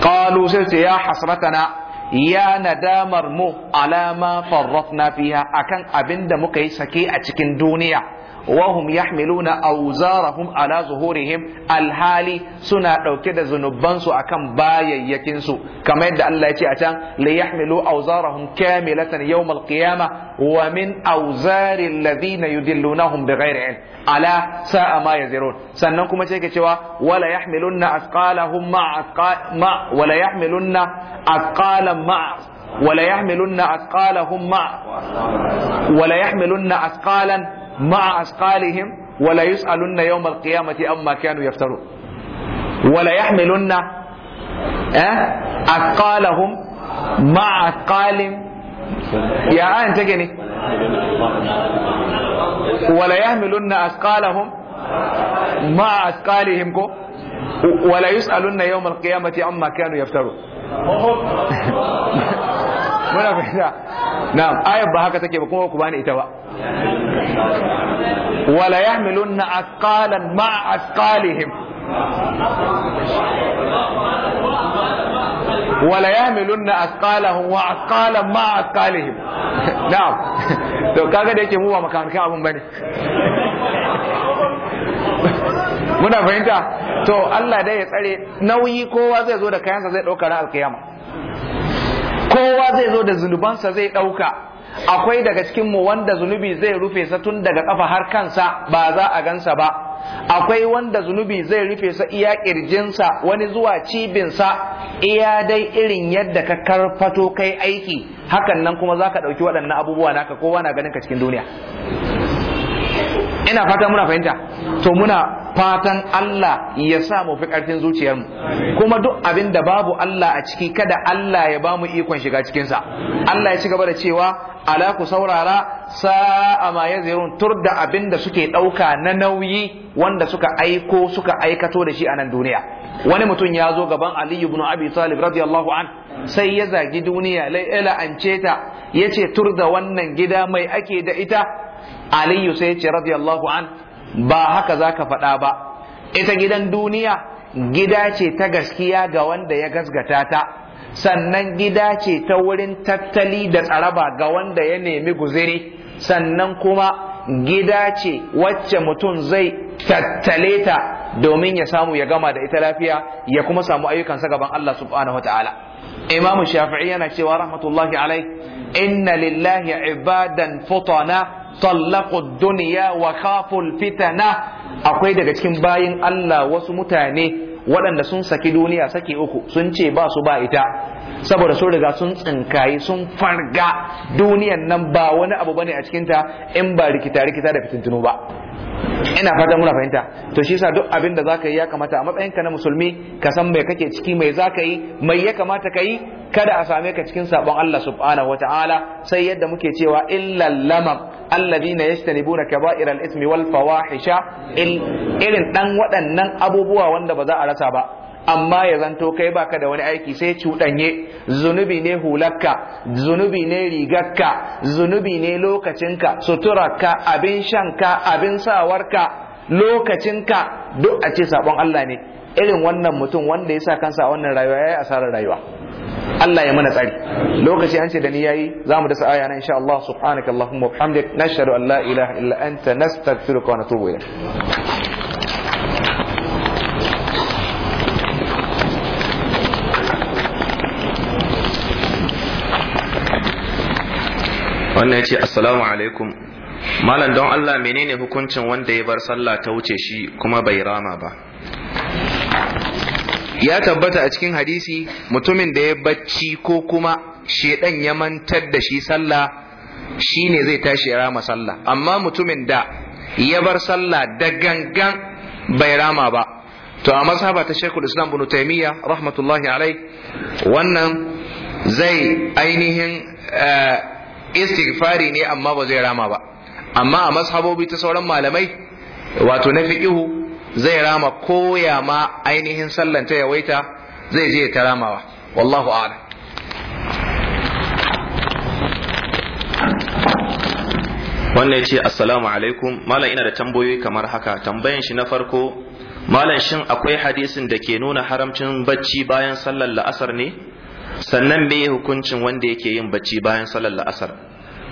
ƙalu sai ce ya hasratana ya nadamar mu alama farrafna fiha akan abin da muka yi sake a cikin duniya wahum yahmiluna awzarahum ala zuhurihim alhali suna dauke da zunubansu akan bayayyakinsu. su kamar yadda Allah ya ce a can li yahmilu awzarahum kamilatan yawm alqiyama wa min awzari alladhina yudillunahum bighairi ilm ala sa'a ma yazirun sannan kuma sai ke cewa wala yahmilunna asqalahum ma wala asqalan ولا يحملن أثقالهم مع ولا يحملن أثقالا مع أثقالهم ولا يسألن يوم القيامة أما كانوا يفترون ولا يحملن أثقالهم مع أثقال يا أن تجني ولا يحملن أثقالهم مع أثقالهم ولا يسألن يوم القيامة عما كانوا يفترون muna fahimta na'am ayat ba haka take ba kuma ku bani ita ba wala yahmilunna asqalan a asqalihim wala yahmilunna asqalahum wa asqalan ma asqalihim na'am to kaga da yake mu ba makanikan abun bane muna fahimta to Allah dai ya tsare nauyi kowa zai zo da kayansa zai ɗauka ran alkiyama kowa zai zo da zunubansa zai ɗauka akwai daga cikinmu wanda zunubi zai rufe sa tun daga ƙafa har kansa ba za a gansa ba akwai wanda zunubi zai rufe sa iya ƙirjinsa wani zuwa cibinsa iya dai irin yadda ka karfato kai aiki hakan nan kuma za ka ɗauki waɗannan abubuwa naka kowa na ganin ka cikin duniya ina fatan muna fahimta to muna fatan Allah ya sa mu fi ƙarfin zuciyarmu kuma duk abin da babu Allah a ciki kada Allah ya ba mu ikon shiga cikinsa Allah ya ci gaba da cewa ala ku saurara sa'a ma yazirun tur da abin da suke ɗauka na nauyi wanda suka aiko suka aikato da shi a nan duniya wani mutum ya zo gaban Ali ibn Abi Talib radiyallahu an sai ya zagi duniya la'ance ta yace tur da wannan gida mai ake da ita aliyu sai ce radiyallahu an ba haka za ka faɗa ba ita gidan duniya gida ce ta gaskiya ga wanda ya gasgata ta sannan gida ce ta wurin tattali da tsaraba ga wanda ya nemi guziri sannan kuma gida ce wacce mutum zai tattale ta domin ya samu ya gama da ita lafiya ya kuma samu ayyukansa gaban Allah subhanahu wataala imamu shafi'i yana cewa rahmatullahi alai inna lillahi ibadan futana tallaqu duniya wa khaful fitana akwai daga cikin bayin Allah wasu mutane waɗanda sun saki duniya sake uku sun ce ba su ba ita saboda sun riga sun tsinkayi sun farga duniyan nan ba wani abu bane a cikinta in ba rikita rikita da fitintunu ba ina fatan muna fahimta to shi yasa duk abin da zaka yi ya kamata a matsayinka na musulmi ka san mai kake ciki mai zaka yi mai ya kamata ka yi kada a same ka cikin sabon Allah subhanahu wataala sai yadda muke cewa illal lamam alladhina yastanibuna kaba'ir al-ithmi wal fawahisha irin dan waɗannan abubuwa wanda ba za a rasa ba amma ya zanto kai baka da wani aiki sai cuɗanye zunubi ne hularka zunubi ne rigarka zunubi ne lokacinka suturarka abin shanka abin sawarka lokacinka duk a ce sabon Allah ne irin wannan mutum wanda ya sa kansa a wannan rayuwa ya yi asarar rayuwa Allah ya mana tsari lokaci an ce da ni yayi za mu dasa aya na insha Allah subhanaka allahumma wa bihamdik nashhadu an la ilaha illa anta nastaghfiruka wa natubu wannan ce assalamu alaikum malam don Allah menene hukuncin wanda ya bar sallah ta wuce shi kuma bai rama ba ya tabbata a cikin hadisi mutumin da ya bacci ko kuma shedan ya mantar da shi sallah shi ne zai tashi ya rama sallah amma mutumin da ya bar sallah da gangan bai rama ba to a mazhaba ta Sheikhul Islam Ibn Taymiyyah rahmatullahi alai wannan zai ainihin eh, istighfari ne amma ba zai rama ba amma a mashabobi ta sauran malamai wato na fiqihu zai rama ko ya ma ainihin sallan ta yawaita zai je ta ramawa wallahu a'lam wannan ce assalamu alaikum malam ina da tambayoyi kamar haka tambayan shi na farko malam shin akwai hadisin da ke nuna haramcin bacci bayan sallar la'asar ne sannan me hukuncin wanda yake yin bacci bayan sallar la'asar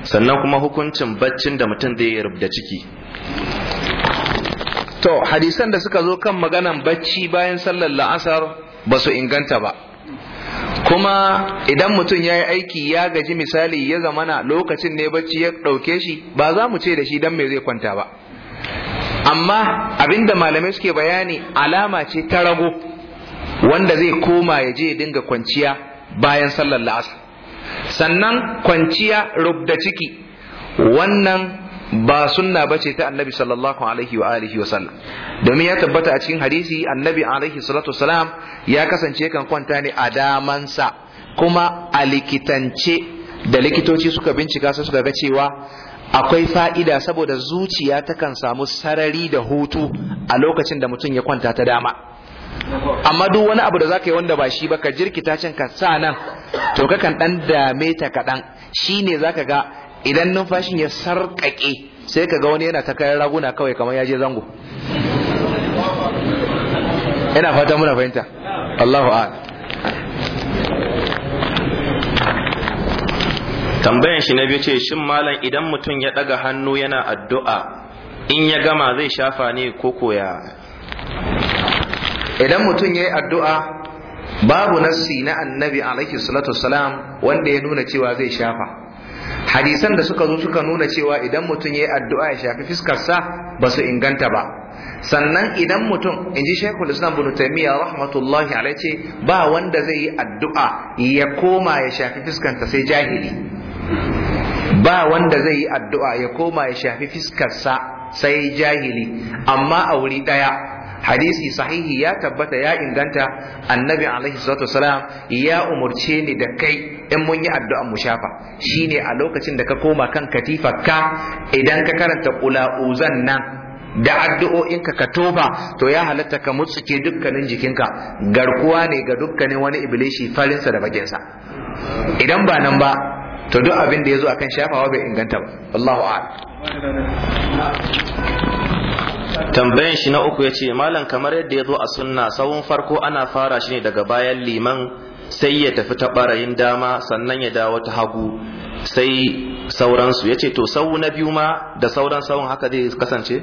sannan kuma hukuncin baccin da mutum zai rubda ciki to hadisan da suka zo kan maganan bacci bayan sallar la'asar ba su inganta ba kuma idan mutum ya yi aiki ya gaji misali ya zamana lokacin ne bacci ya ɗauke shi ba za mu ce da shi don me zai kwanta ba amma abinda malamai suke bayani alama ce ta rago wanda zai koma ya je ya dinga kwanciya bayan sallar la'asar sannan kwanciya rubda ciki wannan ba sunna ba ce ta annabi sallallahu alaihi wa alihi wa sallam domin ya tabbata a cikin hadisi annabi alaihi salatu wasalam ya kasance kan kwanta ne a damansa kuma a likitance da likitoci suka bincika sai suka ga cewa akwai fa'ida saboda zuciya takan samu sarari da hutu a lokacin da mutum ya kwanta ta dama amma duk wani abu da zaka yi wanda ba shi ba ka jirkita can ka sa nan to kan dan dame ta kaɗan shine zaka ga idan numfashin ya sarƙaƙe sai ka ga wani yana ta kayan raguna kawai kamar ya je zango ina fata muna fahimta Allahu a'lam tambayan shi na biyu ce shin malam idan mutum ya daga hannu yana addu'a in ya gama zai shafa ne ko koya idan mutum ya yi addu'a babu nassi na annabi alaihi salatu salam, wanda ya nuna cewa zai shafa hadisan da suka zo suka nuna cewa idan mutum ya yi addu'a ya shafi fiskarsa ba su inganta ba sannan idan mutum in ji shekul islam bin taimiyya rahmatullahi alaihi ce ba wanda zai yi addu'a ya koma ya shafi fiskanta sai jahili ba wanda zai yi addu'a ya koma ya shafi fiskarsa sai jahili amma a wuri ɗaya hadisi sahihi ya tabbata ya inganta annabi alaihi salatu wasalam ya umurce ni da kai in mun yi addu'an mu shafa shine a lokacin da ka koma kan katifa ka, idan ka karanta uzan nan da addu'o'inka ka toba to ya halatta ka mutsuke dukkanin jikinka garkuwa ne ga dukkanin wani ibilishi farinsa da bakinsa idan ba nan ba to duk abin da ya zo akan shafawa bai inganta ba Allahu a'lam tambayan shi na uku ya ce malam kamar yadda ya zo a sunna sawun farko ana fara shi ne daga bayan liman sai ya tafi ta barayin dama sannan ya dawo ta hagu sai sauransu ya ce to sau na biyu ma da sauran sauran haka zai kasance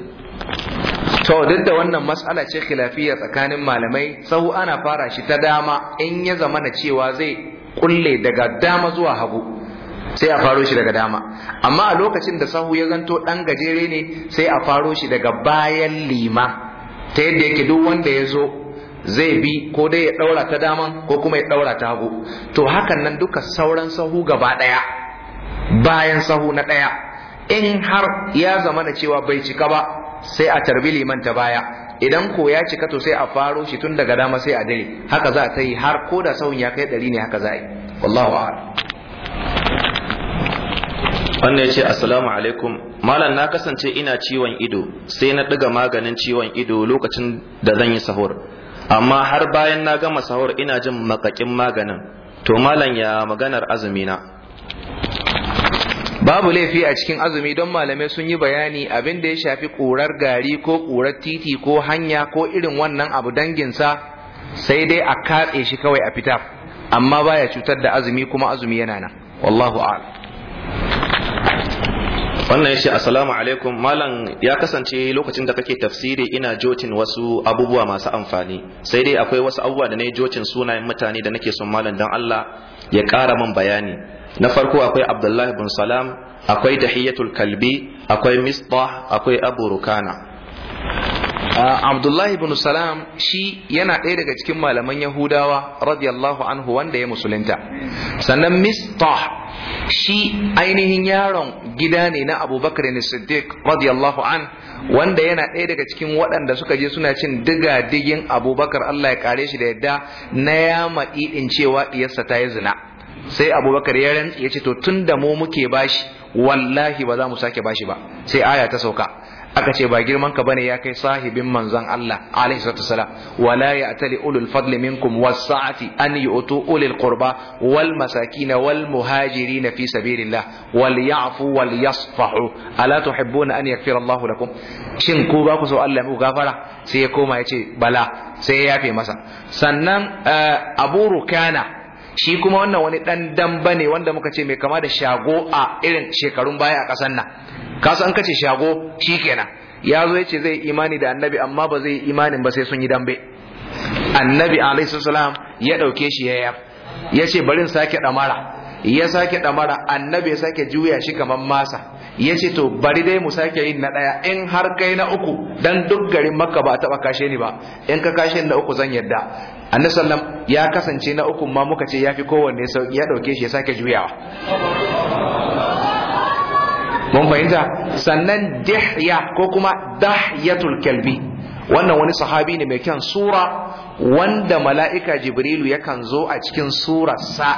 to duk da wannan matsala ce khilafiyya tsakanin malamai sau ana fara shi ta dama in ya zamana cewa zai kulle daga dama zuwa hagu sai a faro shi daga dama amma a lokacin da sahu ya zanto dan gajere ne sai a faro shi daga bayan lima ta yadda yake duk wanda ya zo zai bi ko dai ya daura ta daman ko kuma ya daura ta hagu to hakan nan duka sauran sahu gaba daya bayan sahu na daya in har ya zama da cewa bai cika ba sai a tarbi liman ta baya idan ko ya cika to sai a faro shi tun daga dama sai a dare haka za ta yi har ko da sahun ya kai ɗari ne haka za a yi wallahu a'lam wannan ya ce assalamu alaikum malam na kasance ina ciwon ido sai na ɗiga maganin ciwon ido lokacin da zan yi sahur amma har bayan na gama sahur ina jin makakin maganin to malam ya maganar azumi na babu laifi a cikin azumi don malamai sun yi bayani abin da ya shafi ƙurar gari ko ƙurar titi ko hanya ko irin wannan abu danginsa sai dai a katse shi kawai a fita amma baya cutar da azumi kuma azumi yana nan wallahu a'lam wannan yace assalamu alaikum malam ya kasance lokacin da kake tafsiri ina jotin wasu abubuwa masu amfani sai dai akwai wasu abubuwa da nayi jotin sunayen mutane da nake son malam dan Allah ya ƙara min bayani na farko akwai Abdullahi bin Salam akwai Tahiyatul Kalbi akwai Misbah akwai Abu Rukana Abdullahi bin Salam shi yana ɗaya daga cikin malaman Yahudawa radiyallahu anhu wanda ya musulunta sannan Misbah. shi ainihin yaron gida ne na abubakar ne siddiq radiyallahu an wanda yana ɗaya daga cikin waɗanda suka je suna cin diga digin abubakar allah ya kare shi da yadda na yama in cewa ɗiyarsa ta yi zina sai abubakar ya rantsi ya ce to tun da mu muke bashi wallahi ba za mu sake bashi ba sai aya ta sauka aka ce ba girman ka bane ya kai sahibin manzon Allah alaihi salatu wasalam wala ya'tali ulul fadli minkum was-sa'ati an yu'tu ulil qurba wal masakin wal muhajirin fi sabilillah wal ya'fu wal yasfahu ala tuhibbuna an yaghfira Allahu lakum shin ko ba ku so Allah mu gafara sai ya koma ya ce bala sai ya yafe masa sannan eh, Abu Rukana shi kuma wannan wani dan damba ne wanda muka ce mai kama da shago a irin shekarun baya a kasan nan kasu an kace shago shikenan ya zo ya ce zai imani da annabi amma ba zai imanin ba sai sun yi dambe annabi alaihi salam ya ɗauke shi ya yar ya ce barin sake ɗamara ya sake ɗamara annabi ya sake juya shi kamar masa ya ce to bari dai mu sake yin na ɗaya in har kai na uku dan duk garin makka ba a taɓa kashe ni ba in ka kashe na uku zan yarda. annabi ya kasance na uku ma muka ce fi kowanne sauki ya dauke shi ya sake juyawa mun fahimta sannan dihya ko kuma dahyatul kalbi wannan wani sahabi ne mai kyan sura wanda mala'ika jibrilu yakan zo a cikin surarsa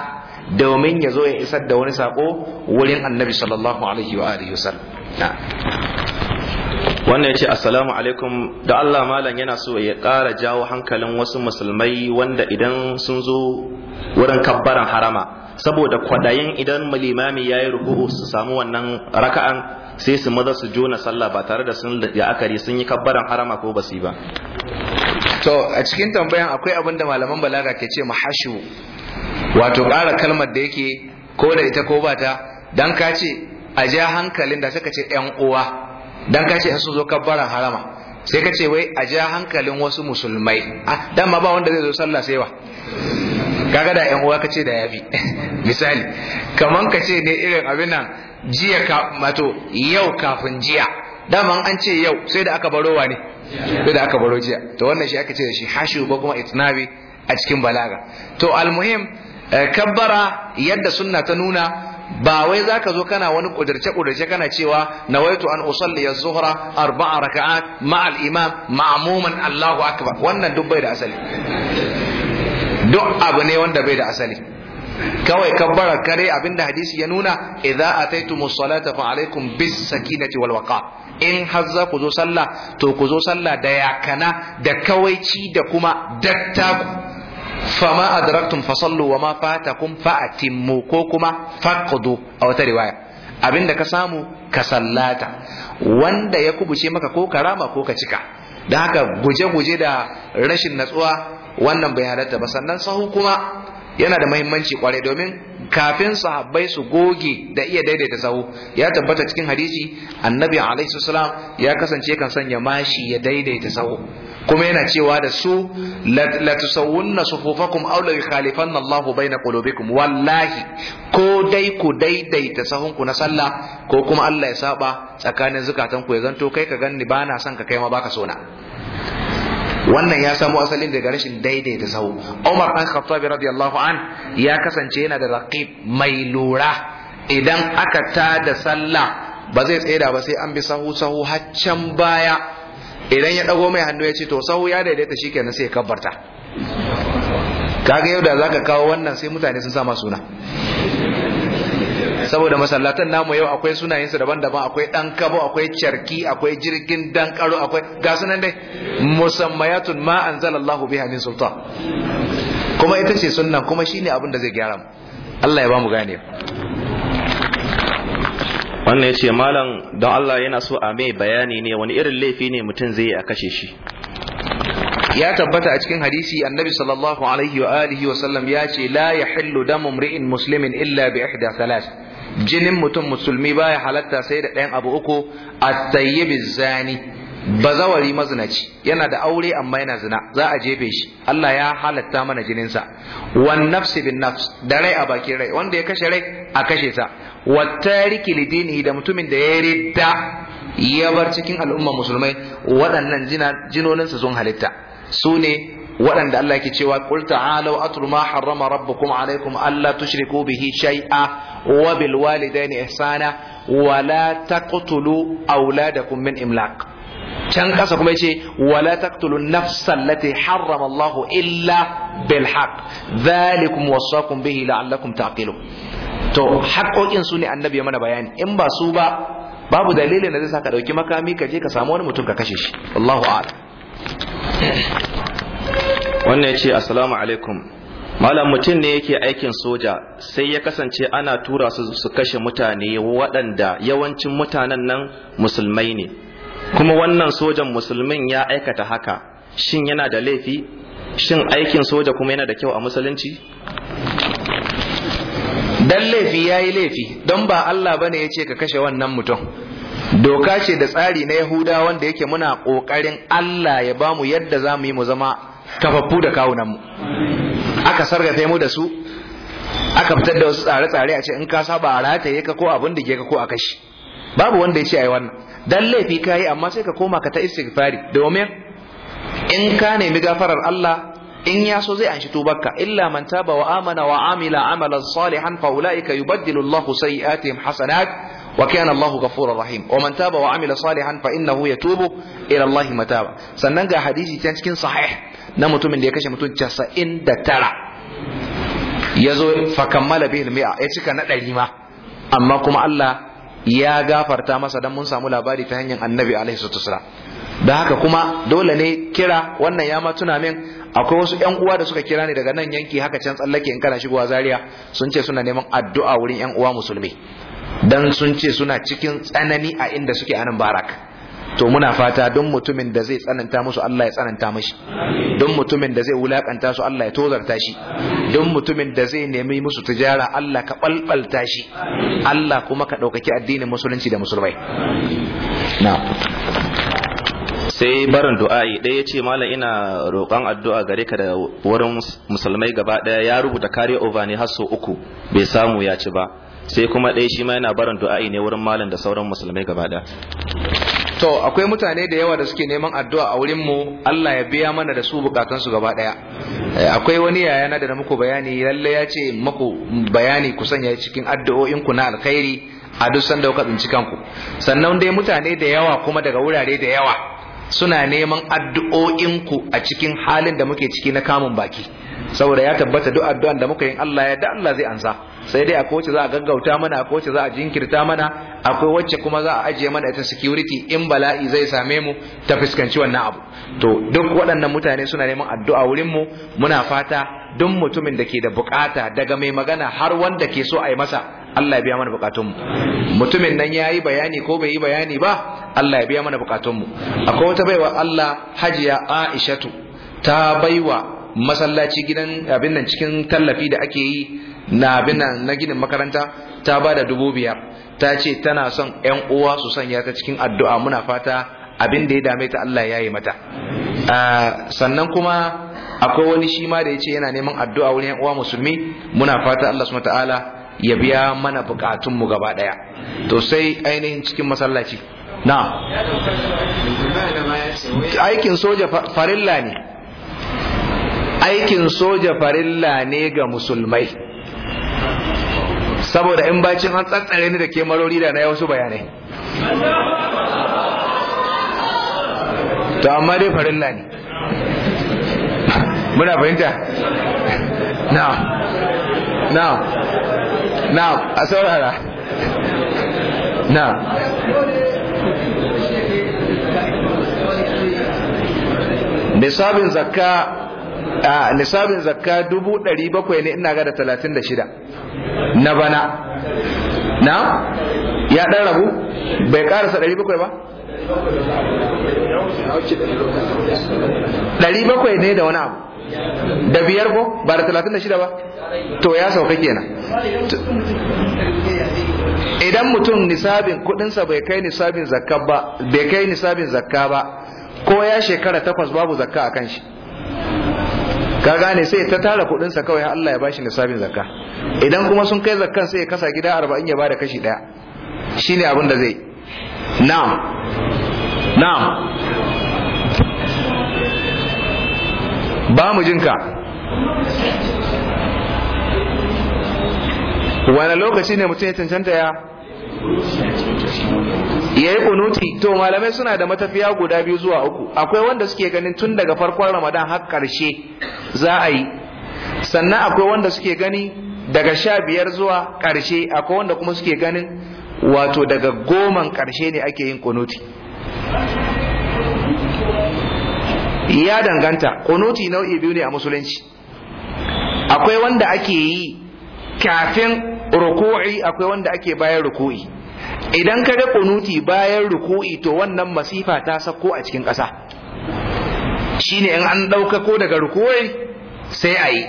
domin ya zo ya isar da wani sako wurin annabi sallallahu alaihi wa alihi wasallam wannan ya ce assalamu alaikum da Allah malam yana so ya ƙara jawo hankalin wasu musulmai wanda idan sun zo wurin kabbaran harama saboda kwaɗayin idan limami ya yi ruku'u su samu wannan raka'an sai su maza su jona sallah ba tare da sun la'akari sun yi kabbaran harama ko basi ba to a cikin tambayan akwai abin da malaman balaga ke ce mahashu wato ƙara kalmar da yake ko da ita ko ba ta dan ka ce a ja hankalin da suka ce yan uwa dan kace in su zo kabbaran harama sai ka ce wai a ja hankalin wasu musulmai ah dan ma ba wanda zai zo sallah sai wa kaga da yan uwa kace da yafi misali kaman kace ne irin abin nan jiya ka mato yau kafin jiya Dama an ce yau sai da aka baro wa ne sai da aka baro jiya to wannan shi aka ce da shi hashu ko kuma itnabi a cikin balaga to almuhim eh, kabbara yadda sunna ta nuna ba wai zaka zo kana wani kudirce kudirce kana cewa nawaitu an usalli ya zuhra arba'a raka'at ma'a al-imam ma'muman Allahu akbar wannan duk bai da asali duk abu ne wanda bai da asali kawai kabbara kare abinda hadisi ya nuna idza ataitu salata fa alaikum bis sakinati wal waqa in har za ku zo sallah to ku zo sallah da yakana da kawaici da kuma dattaku fama adraktum fasallu wa ma fatakum fa'timmu ko kuma faqdu a wata riwaya abinda ka samu ka sallata wanda ya kubuce maka ko karama ko ka cika da haka guje-guje da rashin natsuwa wannan bai halatta ba sannan sahu kuma yana da muhimmanci kwarai domin kafin sahabbai su goge da iya daidaita sahu ya tabbata cikin hadisi annabi alaihi salam ya kasance kan sanya mashi ya daidaita sahu kuma yana cewa da su la tusawunna sufufakum aw la yukhalifanna Allahu baina qulubikum wallahi ko dai ku daidaita sahunku na sallah ko kuma Allah ya saba tsakanin zukatanku ya zanto kai ka ganni bana son ka kai ma baka sona wannan ya samo asalin daga rashin daidaita sahu Umar dan khattabi radiyallahu an ya kasance yana da raqib mai lura idan aka ta da sallah ba zai tsaya ba sai an bi sahu sahu haccan baya idan ya dago mai hannu ya ce to sahu ya daidaita shi shikenan sai ya kabarta. kaga yau da zaka kawo wannan sai mutane sun sa suna saboda masallatan namu yau akwai sunayen su daban-daban akwai dan kabo akwai charki akwai jirgin dan karo akwai ga sunan dai musammayatun ma anzalallahu biha min sultan kuma ita ce sunnan kuma shine abin da zai gyara mu Allah ya ba mu gane wannan ya ce malam don Allah yana so a mai bayani ne wani irin laifi ne mutum zai a kashe shi ya tabbata a cikin hadisi annabi sallallahu alaihi wa alihi wa sallam ya ce la yahillu damu mri'in muslimin illa bi ihda thalath jinin mutum musulmi baya halatta sai da ɗayan abu uku a tayyib zani bazawari mazinaci yana da aure amma yana zina za a jefe shi Allah ya halatta mana jininsa wan nafsi bin nafs da rai a bakin rai wanda ya kashe rai a kashe sa Wata tariki da mutumin da ya ridda ya bar cikin al'umman musulmai waɗannan jinoninsa sun halitta su ne waɗanda Allah ke cewa qul ta'alu atlu ma harrama rabbukum alaykum alla tushriku bihi shay'a wa bil walidayni ihsana wa la taqtulu awladakum min imlaq can kasa kuma yace wala taqtulu nafsa allati harrama Allahu illa bil haqq dhalikum wasaqum bihi la'allakum taqilun to haƙoƙin su ne annabi ya mana bayani in ba su ba babu dalilin da zai saka dauki makami ka je ka samu wani mutum ka kashe shi Allahu a'lam wannan ya ce assalamu alaikum malam mutum ne yake aikin soja sai ya kasance ana tura su su kashe mutane waɗanda yawancin mutanen nan musulmai ne kuma wannan sojan musulmin ya aikata haka shin yana da laifi shin aikin soja kuma yana da kyau a musulunci dan laifi ya yi laifi don ba Allah bane ya ce ka kashe wannan mutum doka ce da tsari na yahuda wanda yake muna ƙoƙarin Allah ya bamu yadda za mu yi mu zama kafaffu da kawunan mu. aka sargata mu da su aka fitar da wasu tsare-tsare a ce in ka saba a rataye ka ko abin ke ka ko a kashi babu wanda ya ce ai wannan dan laifi ka yi amma sai ka koma ka ta istighfari domin in ka nemi gafarar Allah in ya so zai anshi tubarka illa man taba wa amana wa amila amalan salihan fa ulaika yubaddilu Allahu sayi'atihim hasanat wa kana Allahu ghafurur rahim wa man taba wa amila salihan fa innahu yatubu ila Allahi mataba sannan ga hadisi ta cikin sahih na mutumin da ya kashe mutum casa'in da tara ya zo fakammala bihil mi'a ya cika na ɗari ma amma kuma Allah ya gafarta masa don mun samu labari ta hanyar annabi alaihi sura da haka kuma dole ne kira wannan ya ma tuna min akwai wasu yan uwa da suka kira ni daga nan yanki haka can tsallake in kana shigowa Zariya sun ce suna neman addu'a wurin yan uwa musulmi dan sun ce suna cikin tsanani a inda suke anan barak to muna fata don mutumin da zai tsananta musu Allah ya tsananta mashi don mutumin da zai wulakanta su Allah ya tozarta shi don mutumin da zai nemi musu tijara Allah ka balbalta shi Allah kuma ka ɗaukaki addinin musulunci da musulmai sai barin du'a'i ɗaya ce malam ina roƙon addu'a gare ka da wurin musulmai gaba ɗaya ya rubuta kare over ne har uku bai samu ya ci ba sai kuma ɗaya shi ma yana barin du'a'i ne wurin malam da sauran musulmai gaba ɗaya to akwai mutane da yawa da suke neman addu'a a wurin mu Allah ya biya mana da su bukatun su gaba daya eh, akwai wani yayana da na muku bayani lalle ya ce muku bayani ku sanya cikin addu'o'in ku na alkhairi a duk sanda kuka tsinci kanku sannan dai mutane da yawa kuma daga wurare da yawa suna neman addu'o'in ku a cikin halin da muke ciki na kamun baki saboda ya tabbata duk addu'an da muka yi Allah ya da Allah zai ansa sai dai akwai wacce za a gaggauta mana akwai wacce za a jinkirta mana akwai wacce kuma za a ajiye mana ita security in bala'i zai same mu ta fuskanci wannan abu to duk waɗannan mutane suna neman addu'a wurin mu muna fata duk mutumin da ke da bukata daga mai magana har wanda ke so a yi masa Allah ya biya mana mu mutumin nan yayi bayani ko bai yi bayani ba Allah ya biya mana bukatun mu akwai wata baiwa Allah hajiya Aishatu ta baiwa masallaci gidan abin nan cikin tallafi da ake yi na nan na ginin makaranta ta bada dubu biyar ta ce tana son yan uwa su sanya ta cikin addu'a muna fata abin da ya dame ta Allah ya yi mata sannan kuma akwai wani shi ma da ya ce yana neman addu'a wurin yan uwa musulmi muna fata Allah subhanahu ta'ala ya biya mana bukatun mu gaba daya to sai ainihin cikin masallaci na aikin soja farilla ne aikin soja farilla ne ga musulmai saboda in bacin an tsatsare ni da ke marori da na yi wasu bayanai to amma dai farin ne muna fahimta na na na a saurara na bisabin zakka a nisabin zakka dubu ɗari bakwai ne ina gada talatin da shida na bana na ya ɗan rabu bai ƙarasa ɗari bakwai ba ɗari bakwai ne da wani abu da biyar ko ba da talatin da shida ba to ya sauka kenan idan mutum nisabin kudinsa bai kai nisabin zakka ba bai kai nisabin zakka ba ko ya shekara takwas babu zakka a kan shi ka gane sai ta tara kudinsa sa kawai Allah ya bashi nisabin zakka idan kuma sun kai zakkan sai ya kasa gida 40 ya bada kashi daya shine abin da zai na'am na'am ba mu jinka wani lokaci ne mutum ya cancanta ya yayi kunuti to malamai suna da matafiya guda biyu zuwa uku akwai wanda suke ganin tun daga farkon Ramadan har karshe za a yi sannan akwai wanda suke gani daga sha biyar zuwa karshe akwai wanda kuma suke ganin wato daga goman karshe ne ake yin kunuti ya danganta kunuti nau'i biyu ne a musulunci akwai wanda ake yi kafin ruku'i akwai wanda ake bayan ruku'i idan ka ga kunuti bayan ruku'i to wannan masifa ta sako a cikin ƙasa shine in an ɗauka ko daga ruku'i sai a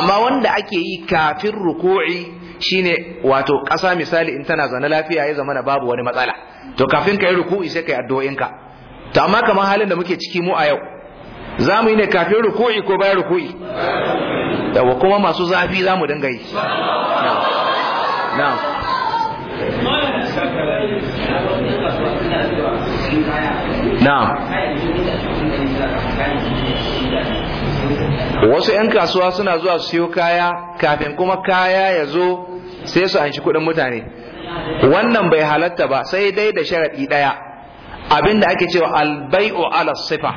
amma wanda ake yi kafin ruku'i shine wato ƙasa misali in tana zaune lafiya ya zama na babu wani matsala to kafin ka yi ruku'i sai ka yi addu'o'inka to amma kamar halin da muke ciki mu a yau za mu yi ne kafin ruku'i ko bayan ruku'i yawa kuma masu zafi za mu dinga yi na'am na'am wasu 'yan kasuwa suna zuwa su siyo kaya kafin kuma kaya ya zo sai su anshi kuɗin mutane wannan bai halatta ba sai dai da sharaɗi ɗaya abinda ake cewa albai'u ala sifa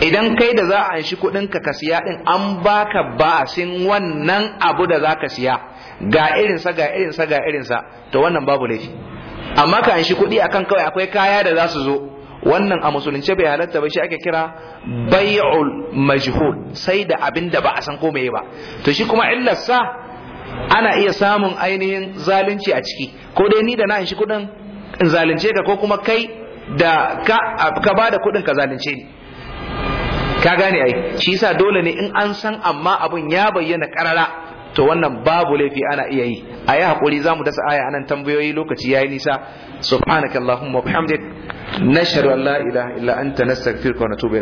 idan kai da za a anshi kuɗin ka siya ɗin an baka ba'asin wannan abu da za ka siya ga irinsa ga irinsa ga irinsa to wannan babu laifi amma ka shi kuɗi akan kawai akwai kaya da za su zo wannan a musulunce bai halatta ba shi ake kira bai'ul majhul sai da abin da ba a san ko meye ba to shi kuma illarsa ana iya samun ainihin zalunci a ciki ko dai ni da na shi kuɗin in zalunce ka ko kuma kai da ka ba da kuɗin ka zalunce ni ka gane ai shi yasa dole ne in an san amma abun ya bayyana karara to wannan babu laifi ana iya yi a yi haƙuri za mu dasa aya anan tambayoyi lokaci ya yi nisa subhanakallahumma wa bihamdik nashhadu an la ilaha illa anta nastaghfiruka wa natubu